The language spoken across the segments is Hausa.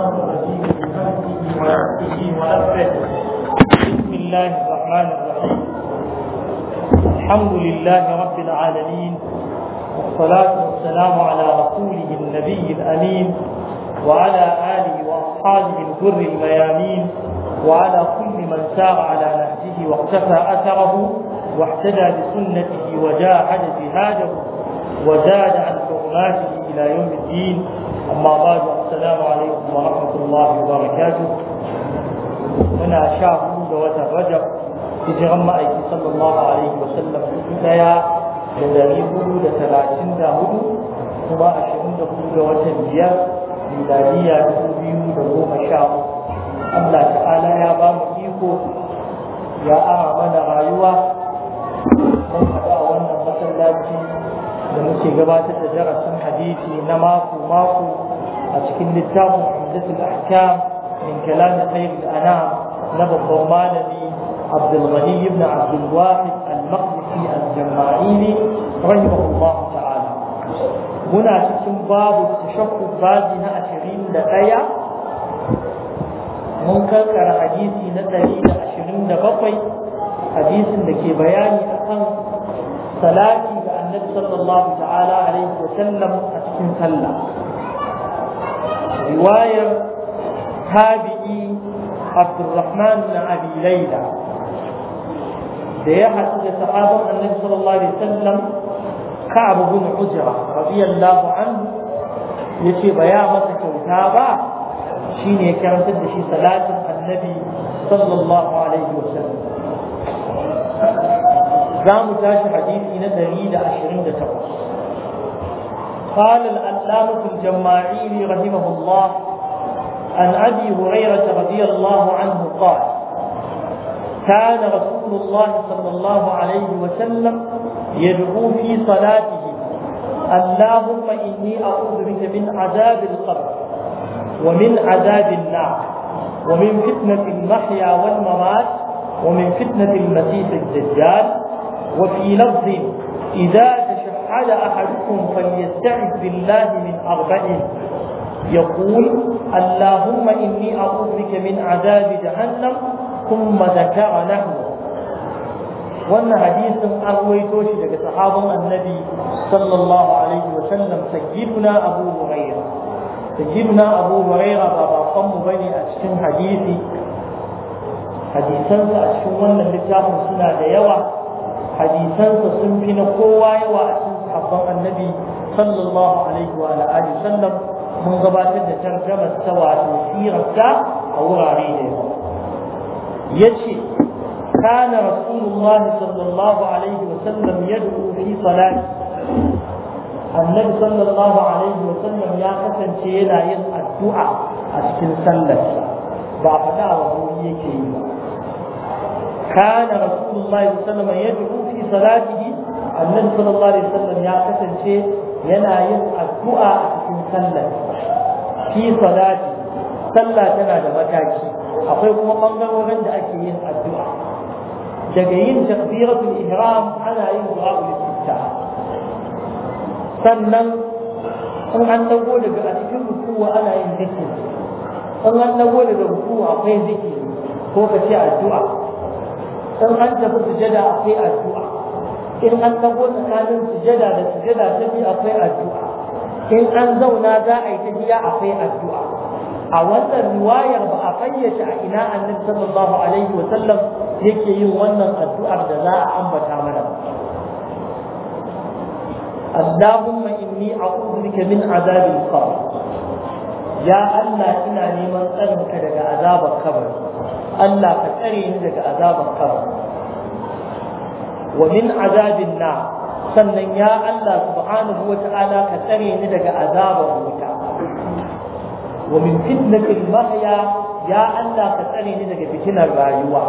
بسم الله الرحمن الرحيم الحمد لله رب العالمين والصلاة والسلام على رسوله النبي الأمين وعلى آله وأصحابه الجر الميامين وعلى كل من سار على نهجه واقتفى أثره واحتدى بسنته وجاهد جهاده وزاد عن حرماته إلى يوم الدين أما بعد السلام عليكم ورحمة الله وبركاته هنا شهر وترجب hijiran ma'aiki sallallahu alaihi wa sallam dubu daya da dari hudu da talatin da hudu kuma ashirin da hudu da watan biyar miladiya dubu biyu da goma sha Allah ta'ala ya bamu iko ya ara mana rayuwa mun haɗa wannan masallaci da muke gabatar da darasin hadisi na mako أشكل للتام عدة الأحكام من كلام خير الأنام نبض مالبي عبد الغني بن عبد الواحد المقدسي الجماعيني رحمه الله تعالى هنا تكون باب التشفف بادنا أشرين لأيا mun karkara hadisi na ɗari da ashirin da bakwai hadisin da ke bayani akan salati ga annabi sallallahu ta'ala alaihi wa sallam a cikin sallah riwayar tabi'i abdurrahman na da ya haɗu da sahabban annabi sallallahu alaihi wasallam ka'ab bin ujra radiyallahu anhu yace ba ya masa kyauta ba shine ya karantar da shi salatin annabi sallallahu za mu tashi hadisi na 128 قال في الجماعين رحمه الله عن أبي هريرة رضي الله عنه قال كان رسول الله صلى الله عليه وسلم يدعو في صلاته اللهم إني أعوذ بك من عذاب القبر ومن عذاب النار ومن فتنة المحيا والممات ومن فتنة المسيح الدجال وفي لفظ إذا يفعل أحدكم فليستعذ بالله من أربع يقول اللهم إني أعوذ بك من عذاب جهنم ثم ذكر له wannan hadisin an ruwaito shi daga sahabban annabi sallallahu alaihi wa sallam sayyiduna abu huraira sayyiduna abu huraira ba bakon mu bane a cikin hadisi hadisansa a cikin wannan littafin suna da yawa hadisansa sun fi na kowa yawa a cikin sahabban annabi sallallahu alaihi wa alihi sallam mun gabatar da tarjamar ta wato sirarta a wurare da كان رسول الله صلى الله عليه وسلم يدعو في صلاته النبي صلى الله عليه وسلم يا حسن شيلا ين الدعاء أشكل سلس بعد دعوة كان رسول الله صلى الله عليه وسلم يدعو في صلاته annabi sallallahu alaihi wasallam ya kasance yana yin addu'a a cikin sallar fi salati sallah tana da mataki akwai kuma bangarorin da ake yin addu'a daga yin takbiratul ihram ana yin du'a istiftah sannan in an dago daga a cikin rukuwa ana yin zikiri in an dago daga rukuwa akwai zikiri ko ka ce addu'a in an tafi sujada akwai addu'a in an dago tsakanin sujada da sujada ta biyu akwai addu'a in an zauna za a yi tahiya akwai addu'a a wannan riwayar ba a fayyace a ina annabi sallallahu alaihi wa sallam yake yin wannan addu'ar da za a ambata mana اللهم إني أعوذ بك من عذاب القبر يا الله إنا نيمان أنك لك عذاب القبر الله فتأري لك عذاب القبر ومن عذاب النار سنن يا الله سبحانه وتعالى كتري ندك عذاب الموتى ومن فتنة المحيا يا الله كتري ندك فتنة الرايوة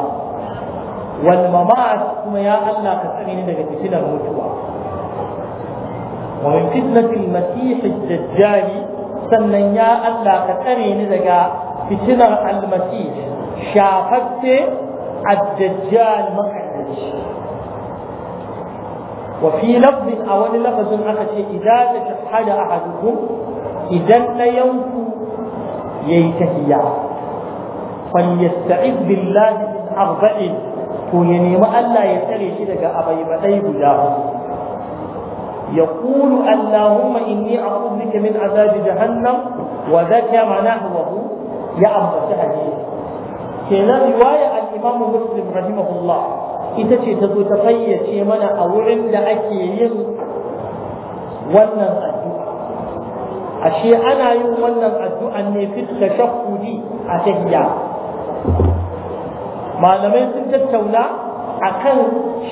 والممات ثم يا الله كتري ندك فتنة الموتوى ومن فتنة المسيح الدجال سنن يا الله كتري ندك فتنة المسيح شافت الدجال مخدش وفي لفظ أو لفظ أخذ إذا تشحد أحدكم إذا لا ينفو ييتهيا فليستعذ بالله من أربع تنيم ألا يتري شدك أبي بدي يقول اللهم إني أعوذ بك من عذاب جهنم معناه وهو يا أبو حديث كان رواية الإمام مسلم رحمه الله ita ce ta zo ta fayyace mana a wurin da ake yin wannan addu'a ashe ana yin wannan addu'an ne fit tashakkudi a tahiya? malamai sun tattauna a kan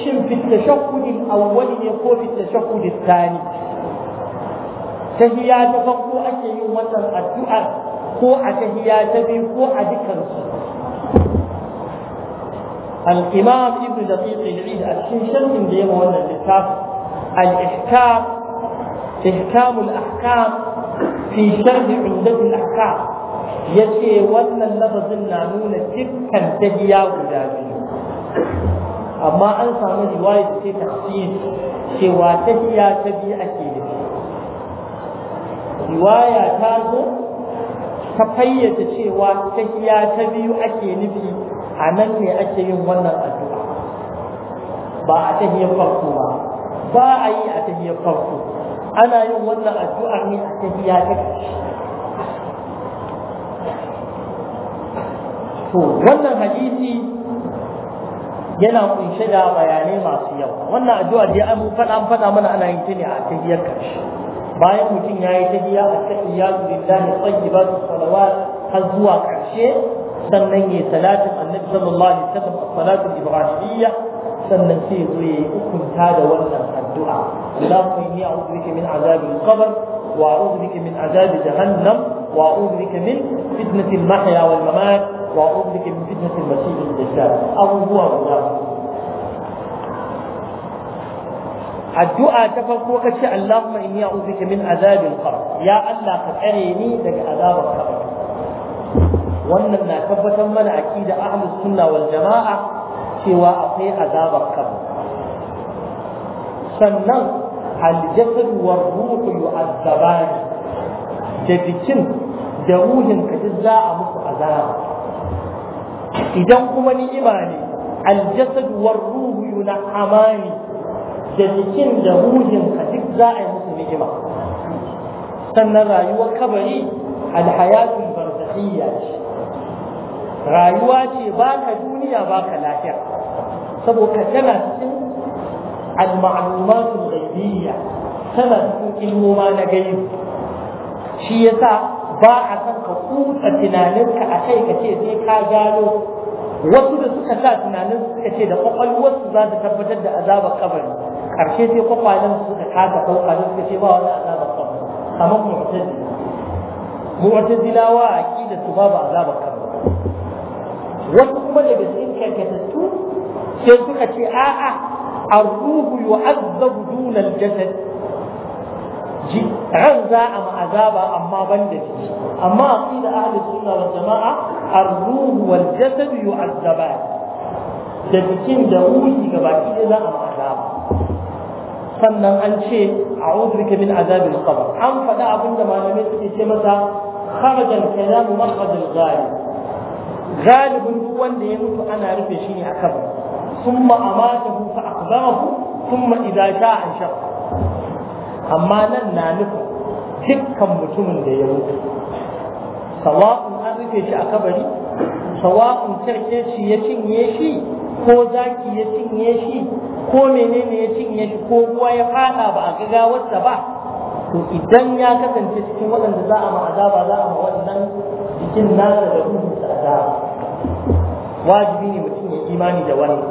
shin fit tashakkudin awwali ne ko fit tashakkudin tsani Tahiya ta farko ake yin wannan addu'ar ko a tahiya ta biyu ko a dukansu al-imam ibn daqiq al-eid da cikin sharhin da yawa wannan littafi al-ihkam ihkam al-ahkam fi sharh umdat al-ahkam yace wannan lafazin na nuna dukkan tahiya guda biyu amma an samu riwaya da ce tafsir cewa tahiya ta biyu ake nufi riwaya ta zo ta fayyace cewa tahiya ta biyu ake nufi a nan ne ake yin wannan addu'a ba a tahiyar farko ba ba a yi a tahiyar farko ana yin wannan addu'a ne a tahiya ta to wannan hadisi yana kunshe da bayanai masu yawa wannan addu'a dai an faɗa faɗa mana ana yin ta ne a tahiyar karshe bayan mutum ya yi tahiya a tahiyyatu lillahi tayyibatu salawa har zuwa karshe sannan yi salatin annabi sallallahu alaihi wasallam as-salatu ibrahimiyya sannan sai zo yi hukunta da wannan addu'a Allahumma inni a'udhu bika min azabil qabr wa a'udhu bika min azab jahannam wa a'udhu bika min fitnati al-mahya wal mamat wa a'udhu bika min fitnati al-masih ad-dajjal abubuwa guda addu'a ta farko kace Allahumma inni a'udhu bika min azabil qabr ya Allah ka tsare ni daga azabar qabr wannan na tabbatar mana aqida ahlus sunna wal jama'a cewa akwai azabar kabu sannan aljasad war ruhu yu'azzabani da jikin da ruhin ka duk za a musu azaba idan kuma ni'ima ne aljasad war ruhu yun'amani da jikin da ruhin ka duk za a yi musu ni'ima sannan rayuwar kabari alhayatul barzakhiyya ce rayuwa ce ba ka duniya ba ka lafiya saboda tana cikin al-ma'lumatul ghaibiyya tana cikin ilmoma na gaibi shi yasa ba a san ka kusa tunaninka a kai ka ce sai ka gano wasu da suka sa tunanin suka ce da kwakwalwarsu za ta tabbatar da azabar kabari karshe sai kwakwalen suka kasa ɗauka da suka ce ba wani azabar kabari kamar mu'tazila mu'tazilawa a ƙi da su babu azabar kabari wasu kuma daga cikin karkatattu sai suka ce a'a arruhu yu'azzabu duna al-jasad ji ran za a ma'azaba amma ban da jiki amma aqida ahli sunna wal jama'a arruhu wal jasad yu'azzaban da jikin da ruhi gabaki ɗaya za a ma'azaba sannan an ce a'udhu bika min azabil qabr an faɗa abinda malamai suke ce masa kharaja al-kalamu makhraj al-ghalib galibin duk wanda ya mutu ana rufe shi ne a kafa summa amatahu fa aqbarahu summa idza sha'a shaq amma nan na nufin dukkan mutumin da ya mutu sawa'un an rufe shi a kabari sawa'un tarke shi ya cinye shi ko zaki ya cinye shi ko menene ya cinye shi ko ruwa ya fada ba a gagawarsa ba to idan ya kasance cikin waɗanda za a ma'azaba za a ma waɗannan jikin nasa da ruhu Wajibi ne mutum ya imani da wani.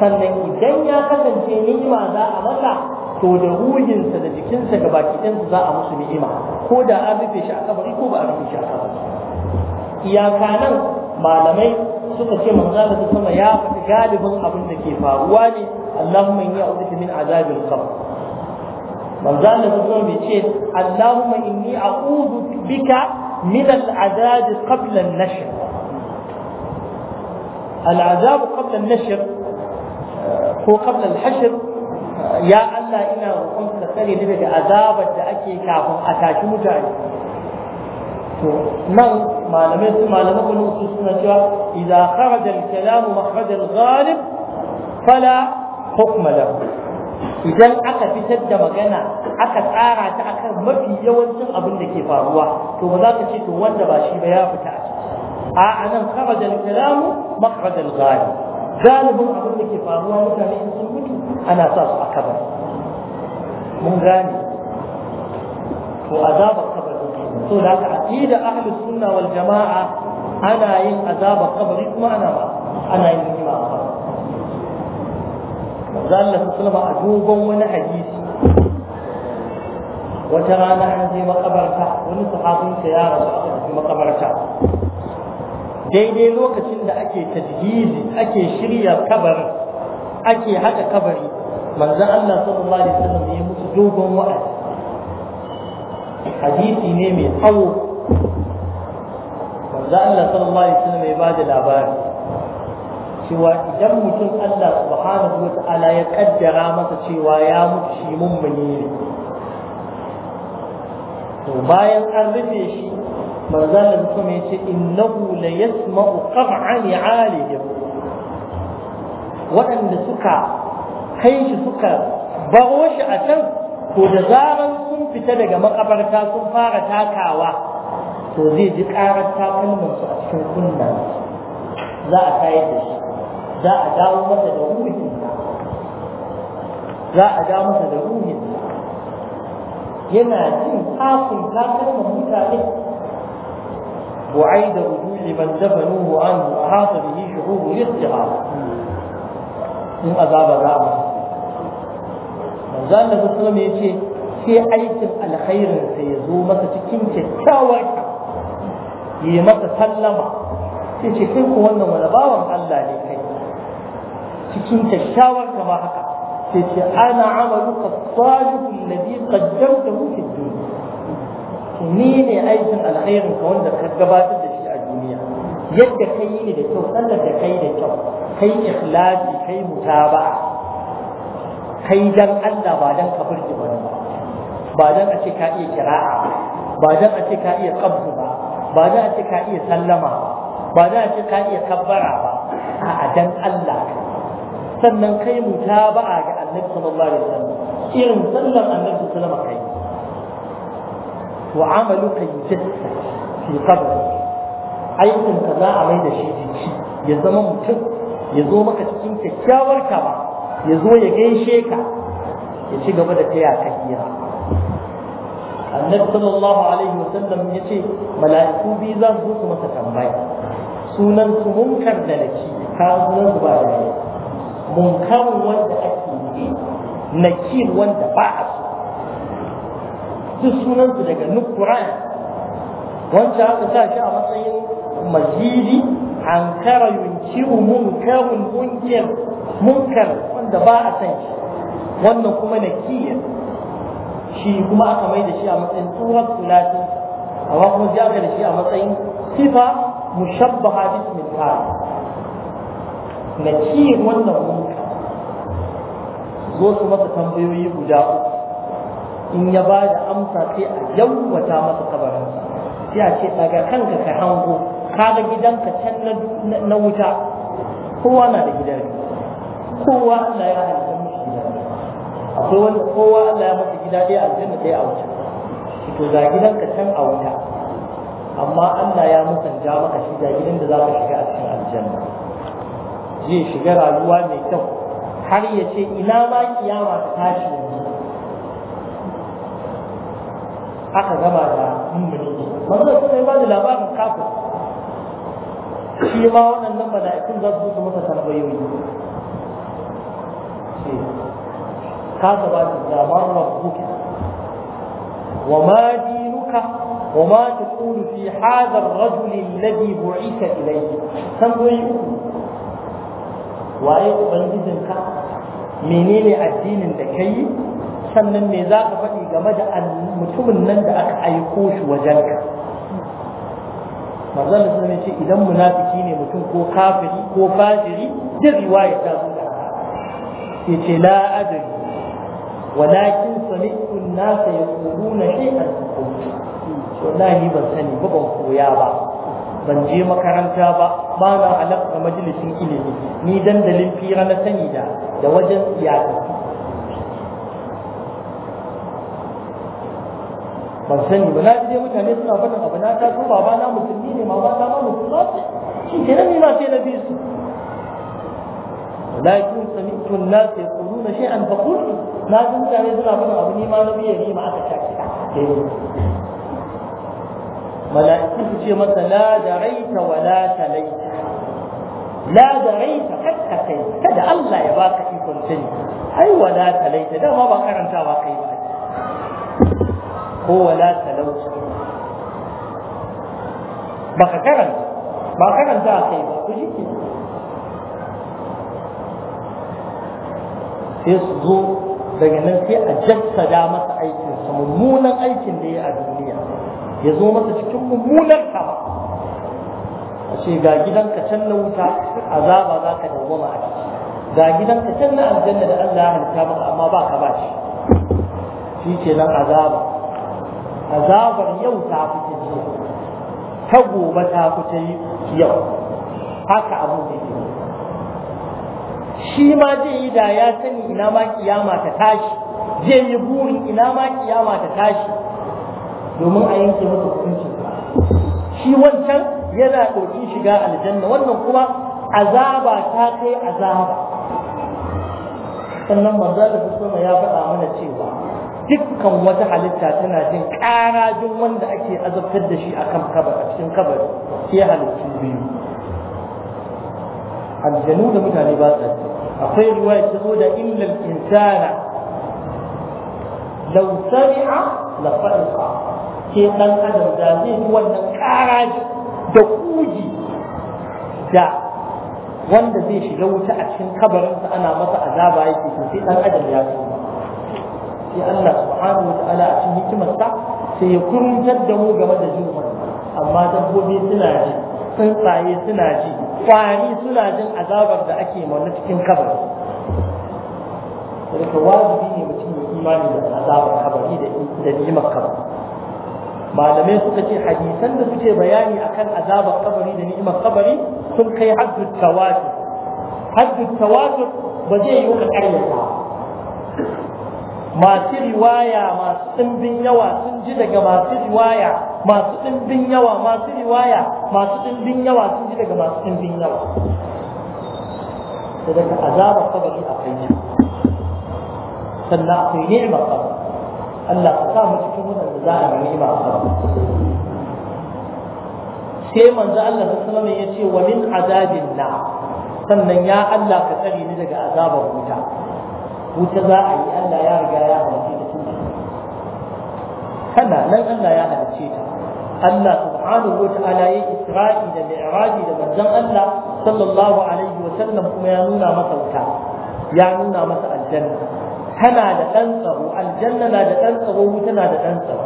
sannan idan ya kasance ni'ima za a masa to da ruhinsa da jikinsa ga baki ɗansa za a musu ni'ima ko da an rufe shi a kabari ko ba a rufe shi a kabari iyaka nan malamai suka ce manzo da sama ya faɗi galibin abin da ke faruwa ne Allahumma inni a'udhu min azabil qabr manzo da sama bai ce Allahumma inni a'udhu bika من العذاب قبل النشر العذاب قبل النشر آه، هو قبل الحشر آه، يا الله إنا وقمت تسالي لذلك عذاب التأكي كافم أتاكي متعي نعم، من ما لم يسمع ما لم يكن السنة إذا خرج الكلام مخرج الغالب فلا حكم له idan aka fitar da magana aka tsara ta akan mafi yawancin abin da ke faruwa to ba za ka ce to wanda ba shi ba ya fita a ciki a anan kharaja al-kalamu makhraj al galibin abin da ke faruwa mutane sun mutu ana sa su a kabar mun gane to azabar kabar to da ka aqida ahlus sunna wal jamaa ana yin azabar kabari kuma ana ba ana yin manzo lasa sallallahu a duban wani hadisi wata rana an je makabarta wani sahabin sa ya rasu aka tafi makabarta daidai lokacin da ake tajhizi ake shirya kabari ake haɗa kabari manzo Allah sallallahu alaihi wasallam ya mutu dogon wa'azi hadisi ne mai tsawo manzo Allah sallallahu alaihi wasallam ya bada labari cewa idan mutum Allah subhanahu wata'ala ya kaddara masa cewa ya mutu shi mummuni ne to bayan an rufe shi manzon mutum ya ce innahu la yasma'u qam'a li'alihim waɗanda suka kai shi suka baro shi a can to da zaran sun fita daga makabarta sun fara takawa to zai ji karar takalmansu a cikin kunna za a tayar da shi za a dawo masa da ruhin za a dawo masa da ruhin yana jin kafin kafin mutane وعيد رجوع من دفنوه عنه أحاط به شعور الاستغاثة من أذاب الرابع من ذا النبي صلى الله عليه وسلم في أيتم الخير سيزو متى تكين تتاور yi masa sallama sai ce kai ku wannan wani bawan Allah ne cikin kyakkyawar ka ba haka sai ce ana amaluka salihul ladhi da fi dunya ni ne aikin alkhairin ka wanda ka gabatar da shi a duniya yadda ka yi ne da kyau sallar da kai da kyau kai ikhlasi kai ba? kai dan Allah ba dan ka burge wani ba ba dan a ce ka iya kira'a ba dan a ce ka iya qabdu ba ba dan a ce ka iya sallama ba ba dan a ce ka iya kabbara ba a'a dan Allah ka sannan kai a ga annabi sallallahu alaihi wasallam irin sallar annabi sallallahu alaihi wasallam kai wa amaluka yujassa fi qabri aikin ka za a maida shi jiki ya zama mutum ya zo maka cikin kyakkyawar kama ya zo ya gaishe ka ya ci gaba da taya ka hira annabi sallallahu alaihi wasallam ya ce mala'iku biyu za su zo su masa tambaya sunan su munkar da naki ka sunan su ba da munkarin wanda ake yi nakir wanda ba a so duk sunansu daga nukuran wancan aka sa shi a matsayin majidi ankara yunkiru munkarun munkar munkar wanda ba a san shi wannan kuma nakiyar shi kuma aka mai da shi a matsayin turar tulatin amma kuma jaga da shi a matsayin sifa mushabbaha bismin ta nakiyar wannan zo su masa tambayoyi guda uku in ya ba da amsa sai a yawwata masa kabarinsa sai a ce daga kanka ka hango kaga gidanka can na wuta kowa na da gidan kowa Allah ya halitta mishi gida akwai wanda kowa Allah ya masa gida ɗaya aljanna ɗaya a wuta to ga gidanka can a wuta amma Allah ya musanta maka shi ga gidan da za ka shiga a cikin aljanna zai shiga rayuwa mai kyau har ya ce ina ma kiyama ta tashi aka gama da mummuni manzo sun yi ba da labarin kafin shi ma waɗannan mala'ikun za su su masa tambayoyi ce ta ba ta zama rabbuka wa ma dinuka wa ma taqulu fi hadha ar-rajuli alladhi bu'itha ilayhi tambayoyi waye ubangijin ka? menene addinin da ka yi sannan me za ka faɗi game da mutumin nan da aka aiko shi wajen ka? manzon da sun ce idan munafiki ne mutum ko kafiri ko fajiri duk riwaya ta zo da ya ce la adri walakin sami'tu an yaquluna shay'an wallahi ban sani ba ban koya ba ban je makaranta ba ba na da majalisin ilimi ni dandalin fira na sani da da wajen siyasa ban sani ba na ji mutane suna faɗin abu na ta ko baba na musulmi ne ma na ma musulma ce shi kenan ni ma sai na bi su lakin sami'tu an-nas yaquluna shay'an fa qultu na ji mutane suna faɗin abu ni ma na biye ne ma aka ta kida mala'iku su ce masa la da raita wa la talaita la da raita hakka kai kada Allah ya baka ikon sani ai wa la talaita dama ba karanta karantawa kai ba ko wa la ba ka karanta ba karanta a kai ba ku jike sai su zo daga nan sai a jaddada masa aikinsa mummunan aikin da ya yi a duniya ya zo masa cikin mummunar kama a ce ga gidanka can na wuta azaba za ka dawwama a ciki ga gidanka can na aljanna da Allah ya halitta maka amma ba ka ba shi shi ke nan azaba azabar yau ta fita jiya ta gobe ta fita yau haka abu da ke shi ma zai yi da ya sani ina ma kiyama ta tashi zai yi burin ina ma kiyama ta tashi domin a yanke masa hukuncin shi wancan yana ɗokin shiga aljanna wannan kuma azaba ta kai azaba sannan manzo da kuma ya faɗa mana cewa dukkan wata halitta tana jin ƙara jin wanda ake azabtar da shi akan kabar a cikin kabari sai halittu biyu aljanu da mutane ba sa akwai riwaya ta zo da illal insana law sami'a la farqa sai ɗan adam da zai wannan ƙaraji da kuji da wanda zai shiga wuta a cikin kabarinsa ana masa azaba yake to sai ɗan adam ya tuba sai Allah subhanahu wa ta'ala a cikin hikimarsa sai ya kuruntar da mu game da jin amma dabbobi suna ji tsuntsaye suna ji kwari suna jin azabar da ake mana cikin kabari sai wajibi ne mutum ya imani da azabar kabari da da ni'imar kabari malamai suka ce hadisan da suke bayani akan azabar kabari da ni'imar kabari sun kai haddu tawatu haddu tawatu ba zai yi ka karyata masu riwaya masu ɗimbin yawa sun ji daga masu riwaya masu ɗimbin yawa masu riwaya masu ɗimbin yawa sun ji daga masu ɗimbin yawa daga azabar kabari ne, sannan akwai ni'imar kabari Allah ka sa mu cikin wannan da za a gani ba a sai manzo Allah sallallahu alaihi ya ce wa min azabin na sannan ya Allah ka tsare ni daga azabar wuta wuta za a yi Allah ya riga ya halice ta tun kana nan Allah ya halice ta Allah subhanahu wa ta'ala ya isra'i da mi'raji da manzon Allah sallallahu alaihi wa sallam kuma ya nuna masa wuta ya nuna masa aljanna tana da ɗan tsaro aljanna na da ɗan tsaro wuta na da ɗan tsaro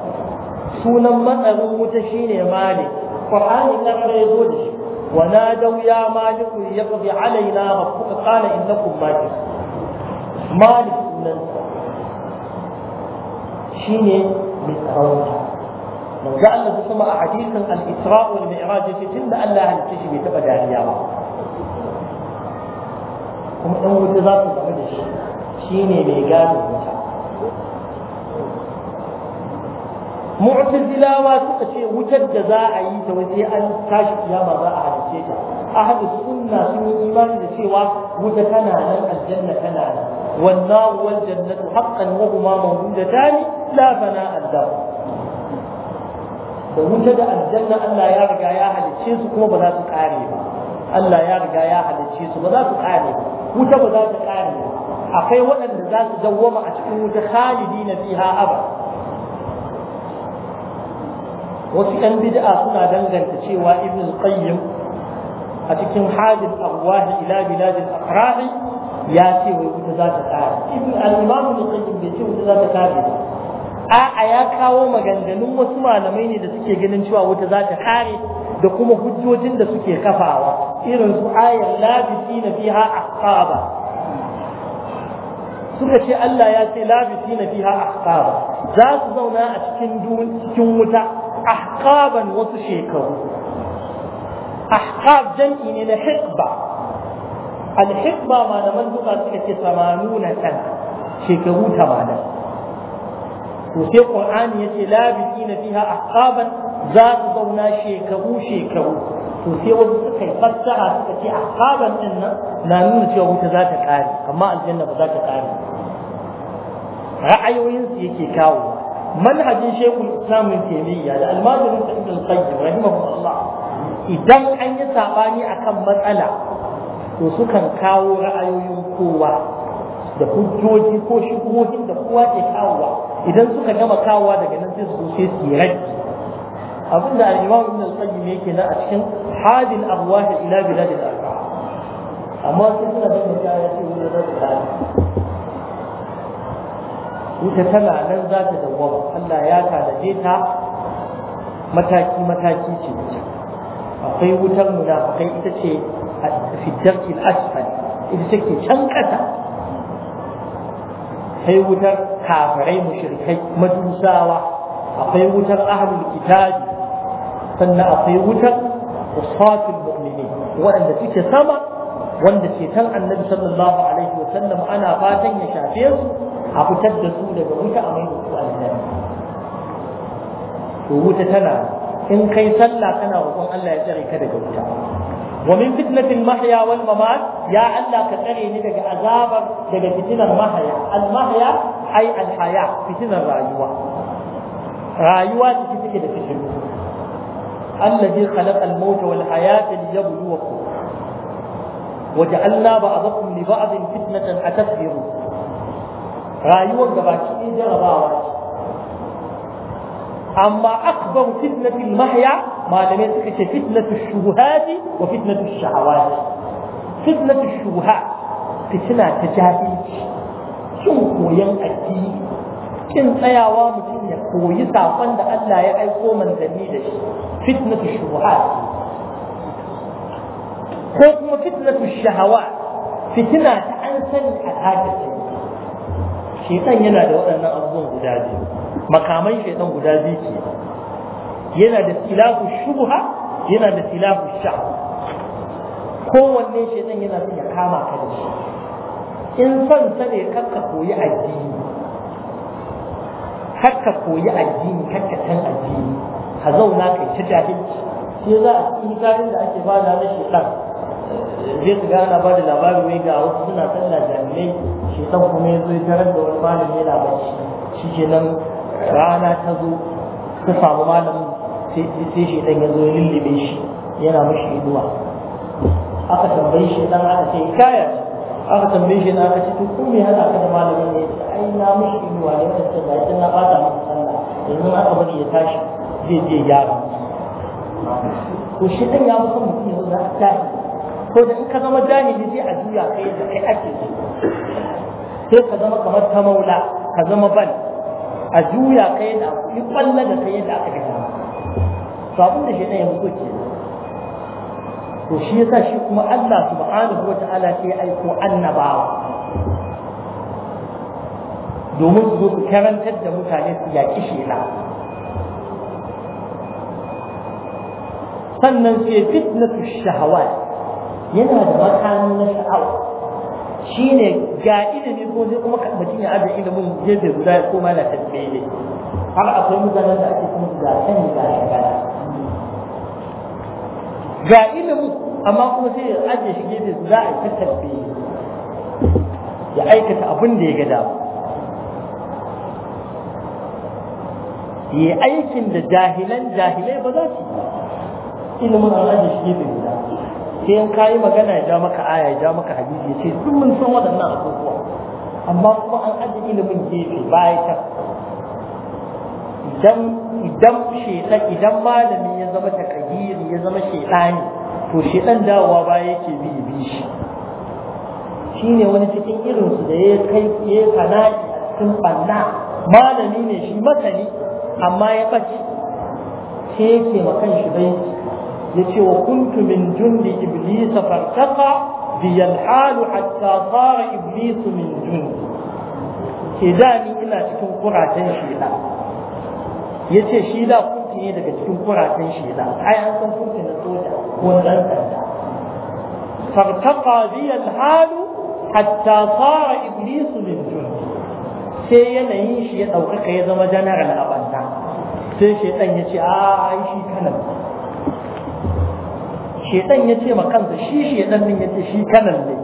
sunan matsarin wuta shine malik qur'ani na fara yazo da shi wa nadaw ya malik yaqdi alaina rabbuka qala innakum malik malik sunan sa shine mai tsaro manzo Allah kuma a hadisin al-isra wal mi'raj ce tunda Allah halice shi bai taba dariya ba kuma dan wuta za su game da shi shine mai gado wuta mu'tazilawa suka ce wutar da za a yi ta waje an tashi kiyama za a halice ta ahlus sunna sun yi imani da cewa wuta kana nan aljanna kana nan والنار والجنة حقا وهما موجودتان لا فناء لهما da wuta da aljanna Allah ya riga ya halicce su kuma ba za su kare ba Allah ya riga ya halicce su ba za su kare ba wuta ba za ta kare ba akwai waɗanda za su dawwama a cikin wuta khalidi na fiha aba wasu ɗan bid'a suna danganta cewa ibn qayyim a cikin hadin arwahi ila biladil aqrahi ya ce wai wuta za ta tsaya ibn al-imam al-qayyim bai ce wuta za ta tsaya ba a'a ya kawo maganganun wasu malamai ne da suke ganin cewa wuta za ta kare da kuma hujjojin da suke kafawa irin su ayar labisi na fiha ahqaba suka ce Allah ya ce labisina fiha ahqaba za su zauna a cikin dun cikin wuta ahqaban wasu shekaru ahqab jam'i ne na hikba al-hiqba hikba malaman duka suka ce 80 sana shekaru 80 to sai qur'ani yace labisina fiha ahqaban za su zauna shekaru shekaru to sai wasu suka yi fassara suka ce a kaban nan na nuna cewa wuta za ta kare amma aljanna ba za ta kare ra'ayoyinsu yake kawo manhajin shekul islam ibn da almajirin sa ibn al-qayyim rahimahullah idan an yi sabani akan matsala to sukan kawo ra'ayoyin kowa da hujjoji ko shubuhohin da kowa ke kawowa idan suka gama kawowa daga nan sai su sai su yi abin da al-imam ibn al-qayyim yake na a cikin hadil arwah ila bilad al-arba amma sai suna da mutane ya ce wurin da wuta tana nan zata ta dawwama Allah ya tanaje ta mataki mataki ce wuta akwai wutar munafikai ita ce ita akwai wutar kafirai mushrikai akwai wutar sannan akwai wutar usatul mu'minin waɗanda suke sama wanda ceton annabi sallallahu alaihi wa sallam ana fatan ya shafe su a fitar da su daga wuta a mai su aljanna to wuta tana in kai sallah kana roƙon Allah ya tsare ka daga wuta wa min fitnatil mahya wal mamat ya Allah ka tsare ni daga azabar daga fitinar mahya al mahya ai al haya fitinar rayuwa rayuwa take take da الذي خلق الموت والحياة ليبلوكم وجعلنا بعضكم لبعض فتنة أتكبرون رايوان جباكي إيه جرباوات أما أكبر فتنة المحيا ما لم يتكش فتنة الشبهات وفتنة الشهوات فتنة الشبهات فتنة تجاهلتي شو koyon addini kin tsayawa mutum ya koyi saƙon da Allah ya aiko manzanni da shi فتنة الشبهات حكم فتنة الشهوات فتنة هذا الشيطان ينا دو أن أرضون قدادي مقامي شيطان ينا دو سلاف الشبهة دو سلاف الشهوة هو اللي شيطان ينا دو ya كدش إنسان سنة shi in son sa ne kakka ka zauna kai ta tafi sai za a cikin hikarin da ake ba da na shekar zai su gana ba da labarin mai ga wasu suna sallah jami'ai shekar kuma ya zo ya tarar da wani malami ya labarci shi ke nan rana ta zo ta samu malam sai shi ya zo ya lullube shi yana mashi iduwa aka tambayi shi ɗan aka ce kaya aka tambayi shi na aka to ko me hana ka da malamin ne ai na mashi iduwa ne wanda ta zai na ɓata masa sallah yanzu aka bari ya tashi zai je gyara to shi ɗin ya fi mutum ya zama jahili ko da in ka zama jahili sai a juya kai da kai ake so sai ka zama kamar ta maula ka zama ban a juya kai da kuɗi ɓalla da kai yadda aka gina to abin da shi ɗin ya mutu ke to shi yasa shi kuma Allah subhanahu wa ta'ala sai ya aiko annabawa domin su zo su karantar da mutane su yaƙi shela sannan sai fitnatu shahawat yana da makamin na sha'awa ne ga ilimi ko sai kuma mutum ya aje ilimin gefe guda ko ma na tabbe har akwai mutanen da ake kuma ga sani da shagala ga ilimin amma kuma sai ya aje shi gefe guda a ta tabbe ya aikata abin da ya ga dama yi aikin da jahilan jahilai ba za su yi ilimin an aje shi gefe guda sai in kayi magana ya ja maka aya ya ja maka hadisi ya ce duk mun san waɗannan abubuwa amma kuma an ajiye ilimin gefe baya ta idan idan idan malami ya zama takagiri ya zama shedani to shedan dawowa baya yake bi bi shi ne wani cikin irinsu da ya kai ya kana cikin banna malami ne shi masani amma ya ɓace sai yake makan shi bai yace wa kuntu min jundi iblis fartaqa bi yalhalu hatta sara iblis min jundi ke da ni ina cikin kuratan shida yace shi da kunti ne daga cikin kuratan shida ai an san kunti na soja ko na dan sanda fartaqa bi yalhalu hatta sara iblis min jundi sai yanayin shi ya ɗaukaka ya zama janar al'abanta sai shi ɗan ya ce a ai shi kanan shedan ya ce ma kansa shi shedan din ya ce shi kanan ne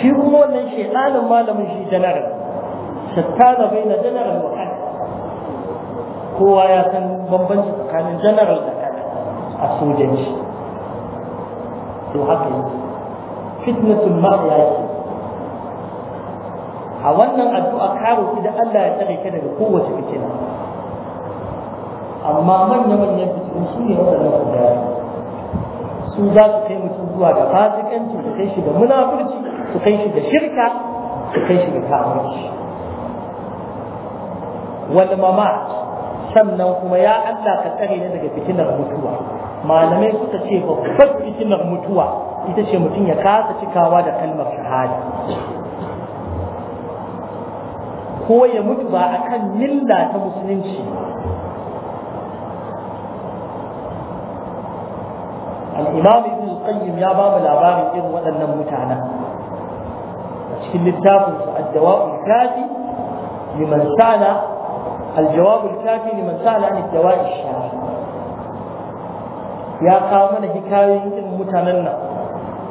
shi kuma wannan shedanin malamin shi janaral shattana bai na janaral wa kan kowa ya san bambanci tsakanin janaral da kan a sojanci to haka yake fitnatul ma'a a wannan addu'a karo da Allah ya tsare ka daga kowace fitina amma manya manyan fitina su ne waɗannan guda su za su kai mutum zuwa ga fasikanci su kai shi da munafurci su kai shi da shirka su kai shi da kafirci wal sannan kuma ya Allah ka tsare ni daga fitinar mutuwa malamai suka ce babbar fitinar mutuwa ita ce mutum ya kasa cikawa da kalmar shahada ko ya mutu ba akan milla ta musulunci ba الإمام ابن القيم يا باب الأبار إن وأن متعنا أشكل التافل الدواء الكافي لمن سأل الجواب الكافي لمن سأل عن الدواء الشافي يا قامنا حكاية متعنا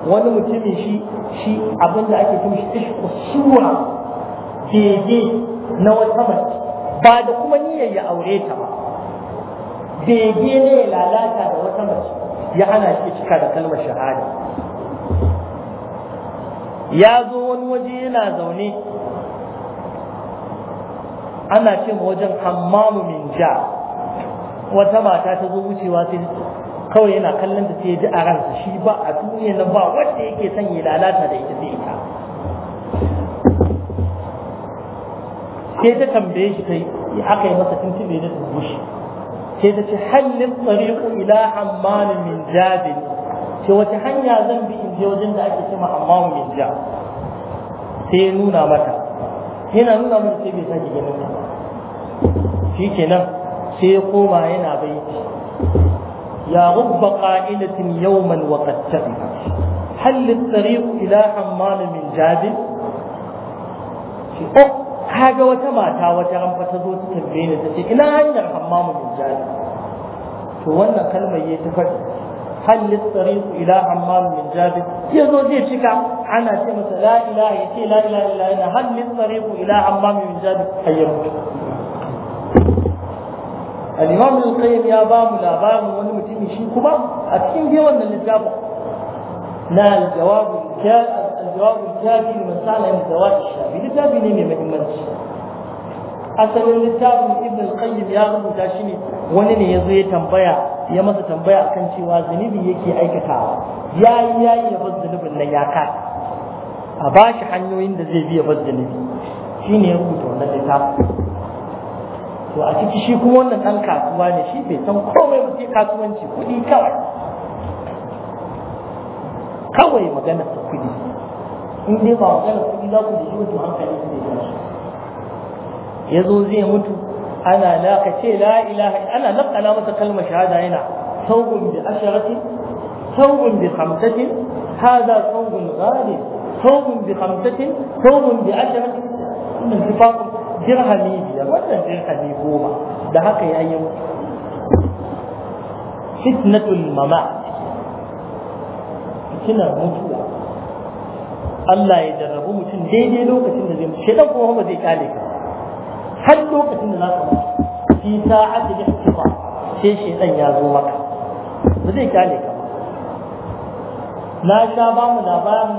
wani mutumin shi shi abin da ake kuma shi ishku sura daidai na wata mace ba da kuma niyyar ya aure ta ba daidai ne lalata da wata mace ya hana shi cika da kalmar shahada ya zo wani waje yana zaune ana ce wajen hammamu min ja wata mata ta zo wucewa sai kawai yana kallon ta sai ji a ransa shi ba a duniya na ba wanda yake son ya lalata da ita sai ta. sai ta tambaye shi ta yi aka yi masa tuntube da tumbushi sai ta ce hallin tsariku ila hammamin min jabin ce wata hanya zan bi in je wajen da ake cima hammamin min ja sai nuna mata yana nuna mata sai bai sake ganin ta shi kenan sai ya koma yana baiti ya rubba qa'ilatin yawman wa qad tabi'at hal at-tariq ila hammamin min jabin shi oh, Ka ga wata mata wata ramfa ta zo ta tambaye ni ta ce ina hanyar hammamu dujjali to wannan kalmar yayi ta faɗi hal lisariqu ila hammamu min jabi ya zo zai cika ana ce masa la ilaha yace la ilaha illa ana hal lisariqu ila hammamu min jabi hayyar al-imam al-qayyim ya ba mu labarin wani mutumi shi kuma a cikin dai wannan littafin na al-jawabu الجواب الكافي لمسألة الزواج لتابي من مهمنش asalin littafin ibn al-qayyim ya rubuta shi ne wani ne yazo ya tambaya ya masa tambaya kan cewa zunubi yake aikatawa yayi yayi ya bar zunubin nan ya ka a bashi hanyoyin da zai bi ya bar to a ciki shi kuma wannan dan kasuwa ne shi bai san komai ba sai kasuwanci kuɗi kawai kawai magana kuɗi in ba magana kudi za ku da shi mutum hankali su zai tashi ya zo zai mutu ana la ka ce la ilaha ana nakala masa kalmar shahada yana saubun bi asharati saubun bi khamsatin hada saubun ghalib saubun bi khamsatin saubun bi asharatin wannan tufafin dirhami biyar wannan dirhami goma da haka ya yi fitnatul mama kina mutu Allah ya jarrabu mutum daidai lokacin da zai mutu shedan kuma ba zai kyale ka har lokacin da za ka mutu fi sa'ati ihtifa sai shedan ya zo maka ba zai kyale ka na sha ba mu labarin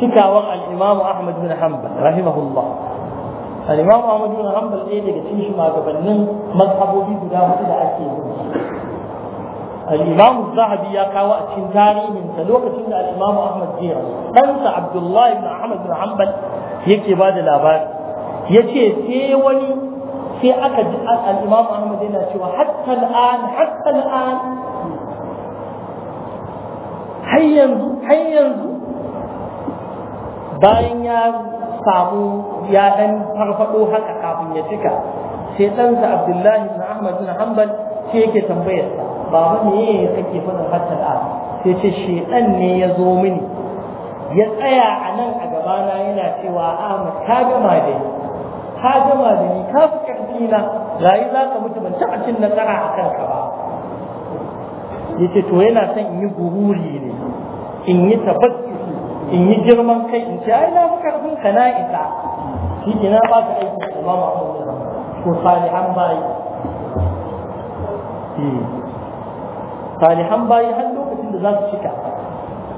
cikawar al-Imam Ahmad bin Hanbal rahimahullah al-Imam Ahmad bin Hanbal ɗaya daga cikin shugabannin mazhabobi guda hudu da ake yi al-imam az ya kawo a cikin tarihin sa lokacin da al ahmad bin dan sa abdullah ibn ahmad bin hanbal yake ba da labari yace sai wani sai aka ji al ahmad yana cewa hatta al-an hatta bayan ya samu ya haka kafin ya cika sai ɗansa abdullahi sai yake babu ne kake fadin hatta da sai ce shi shedan ne ya zo mini ya tsaya a nan a gabana yana cewa Ahmad ka gama da ni ka gama da ni ka fi karfi na rayu za ka mutu ban taɓa cin nasara a kanka ba Ya ce to yana son in yi gururi ne in yi tabakkisi in yi girman kai in ce ai na fi karfin ka na isa shi ina ba ka aiki Imam Ahmad ko salihan bayi eh. salihan bayi har lokacin da za su cika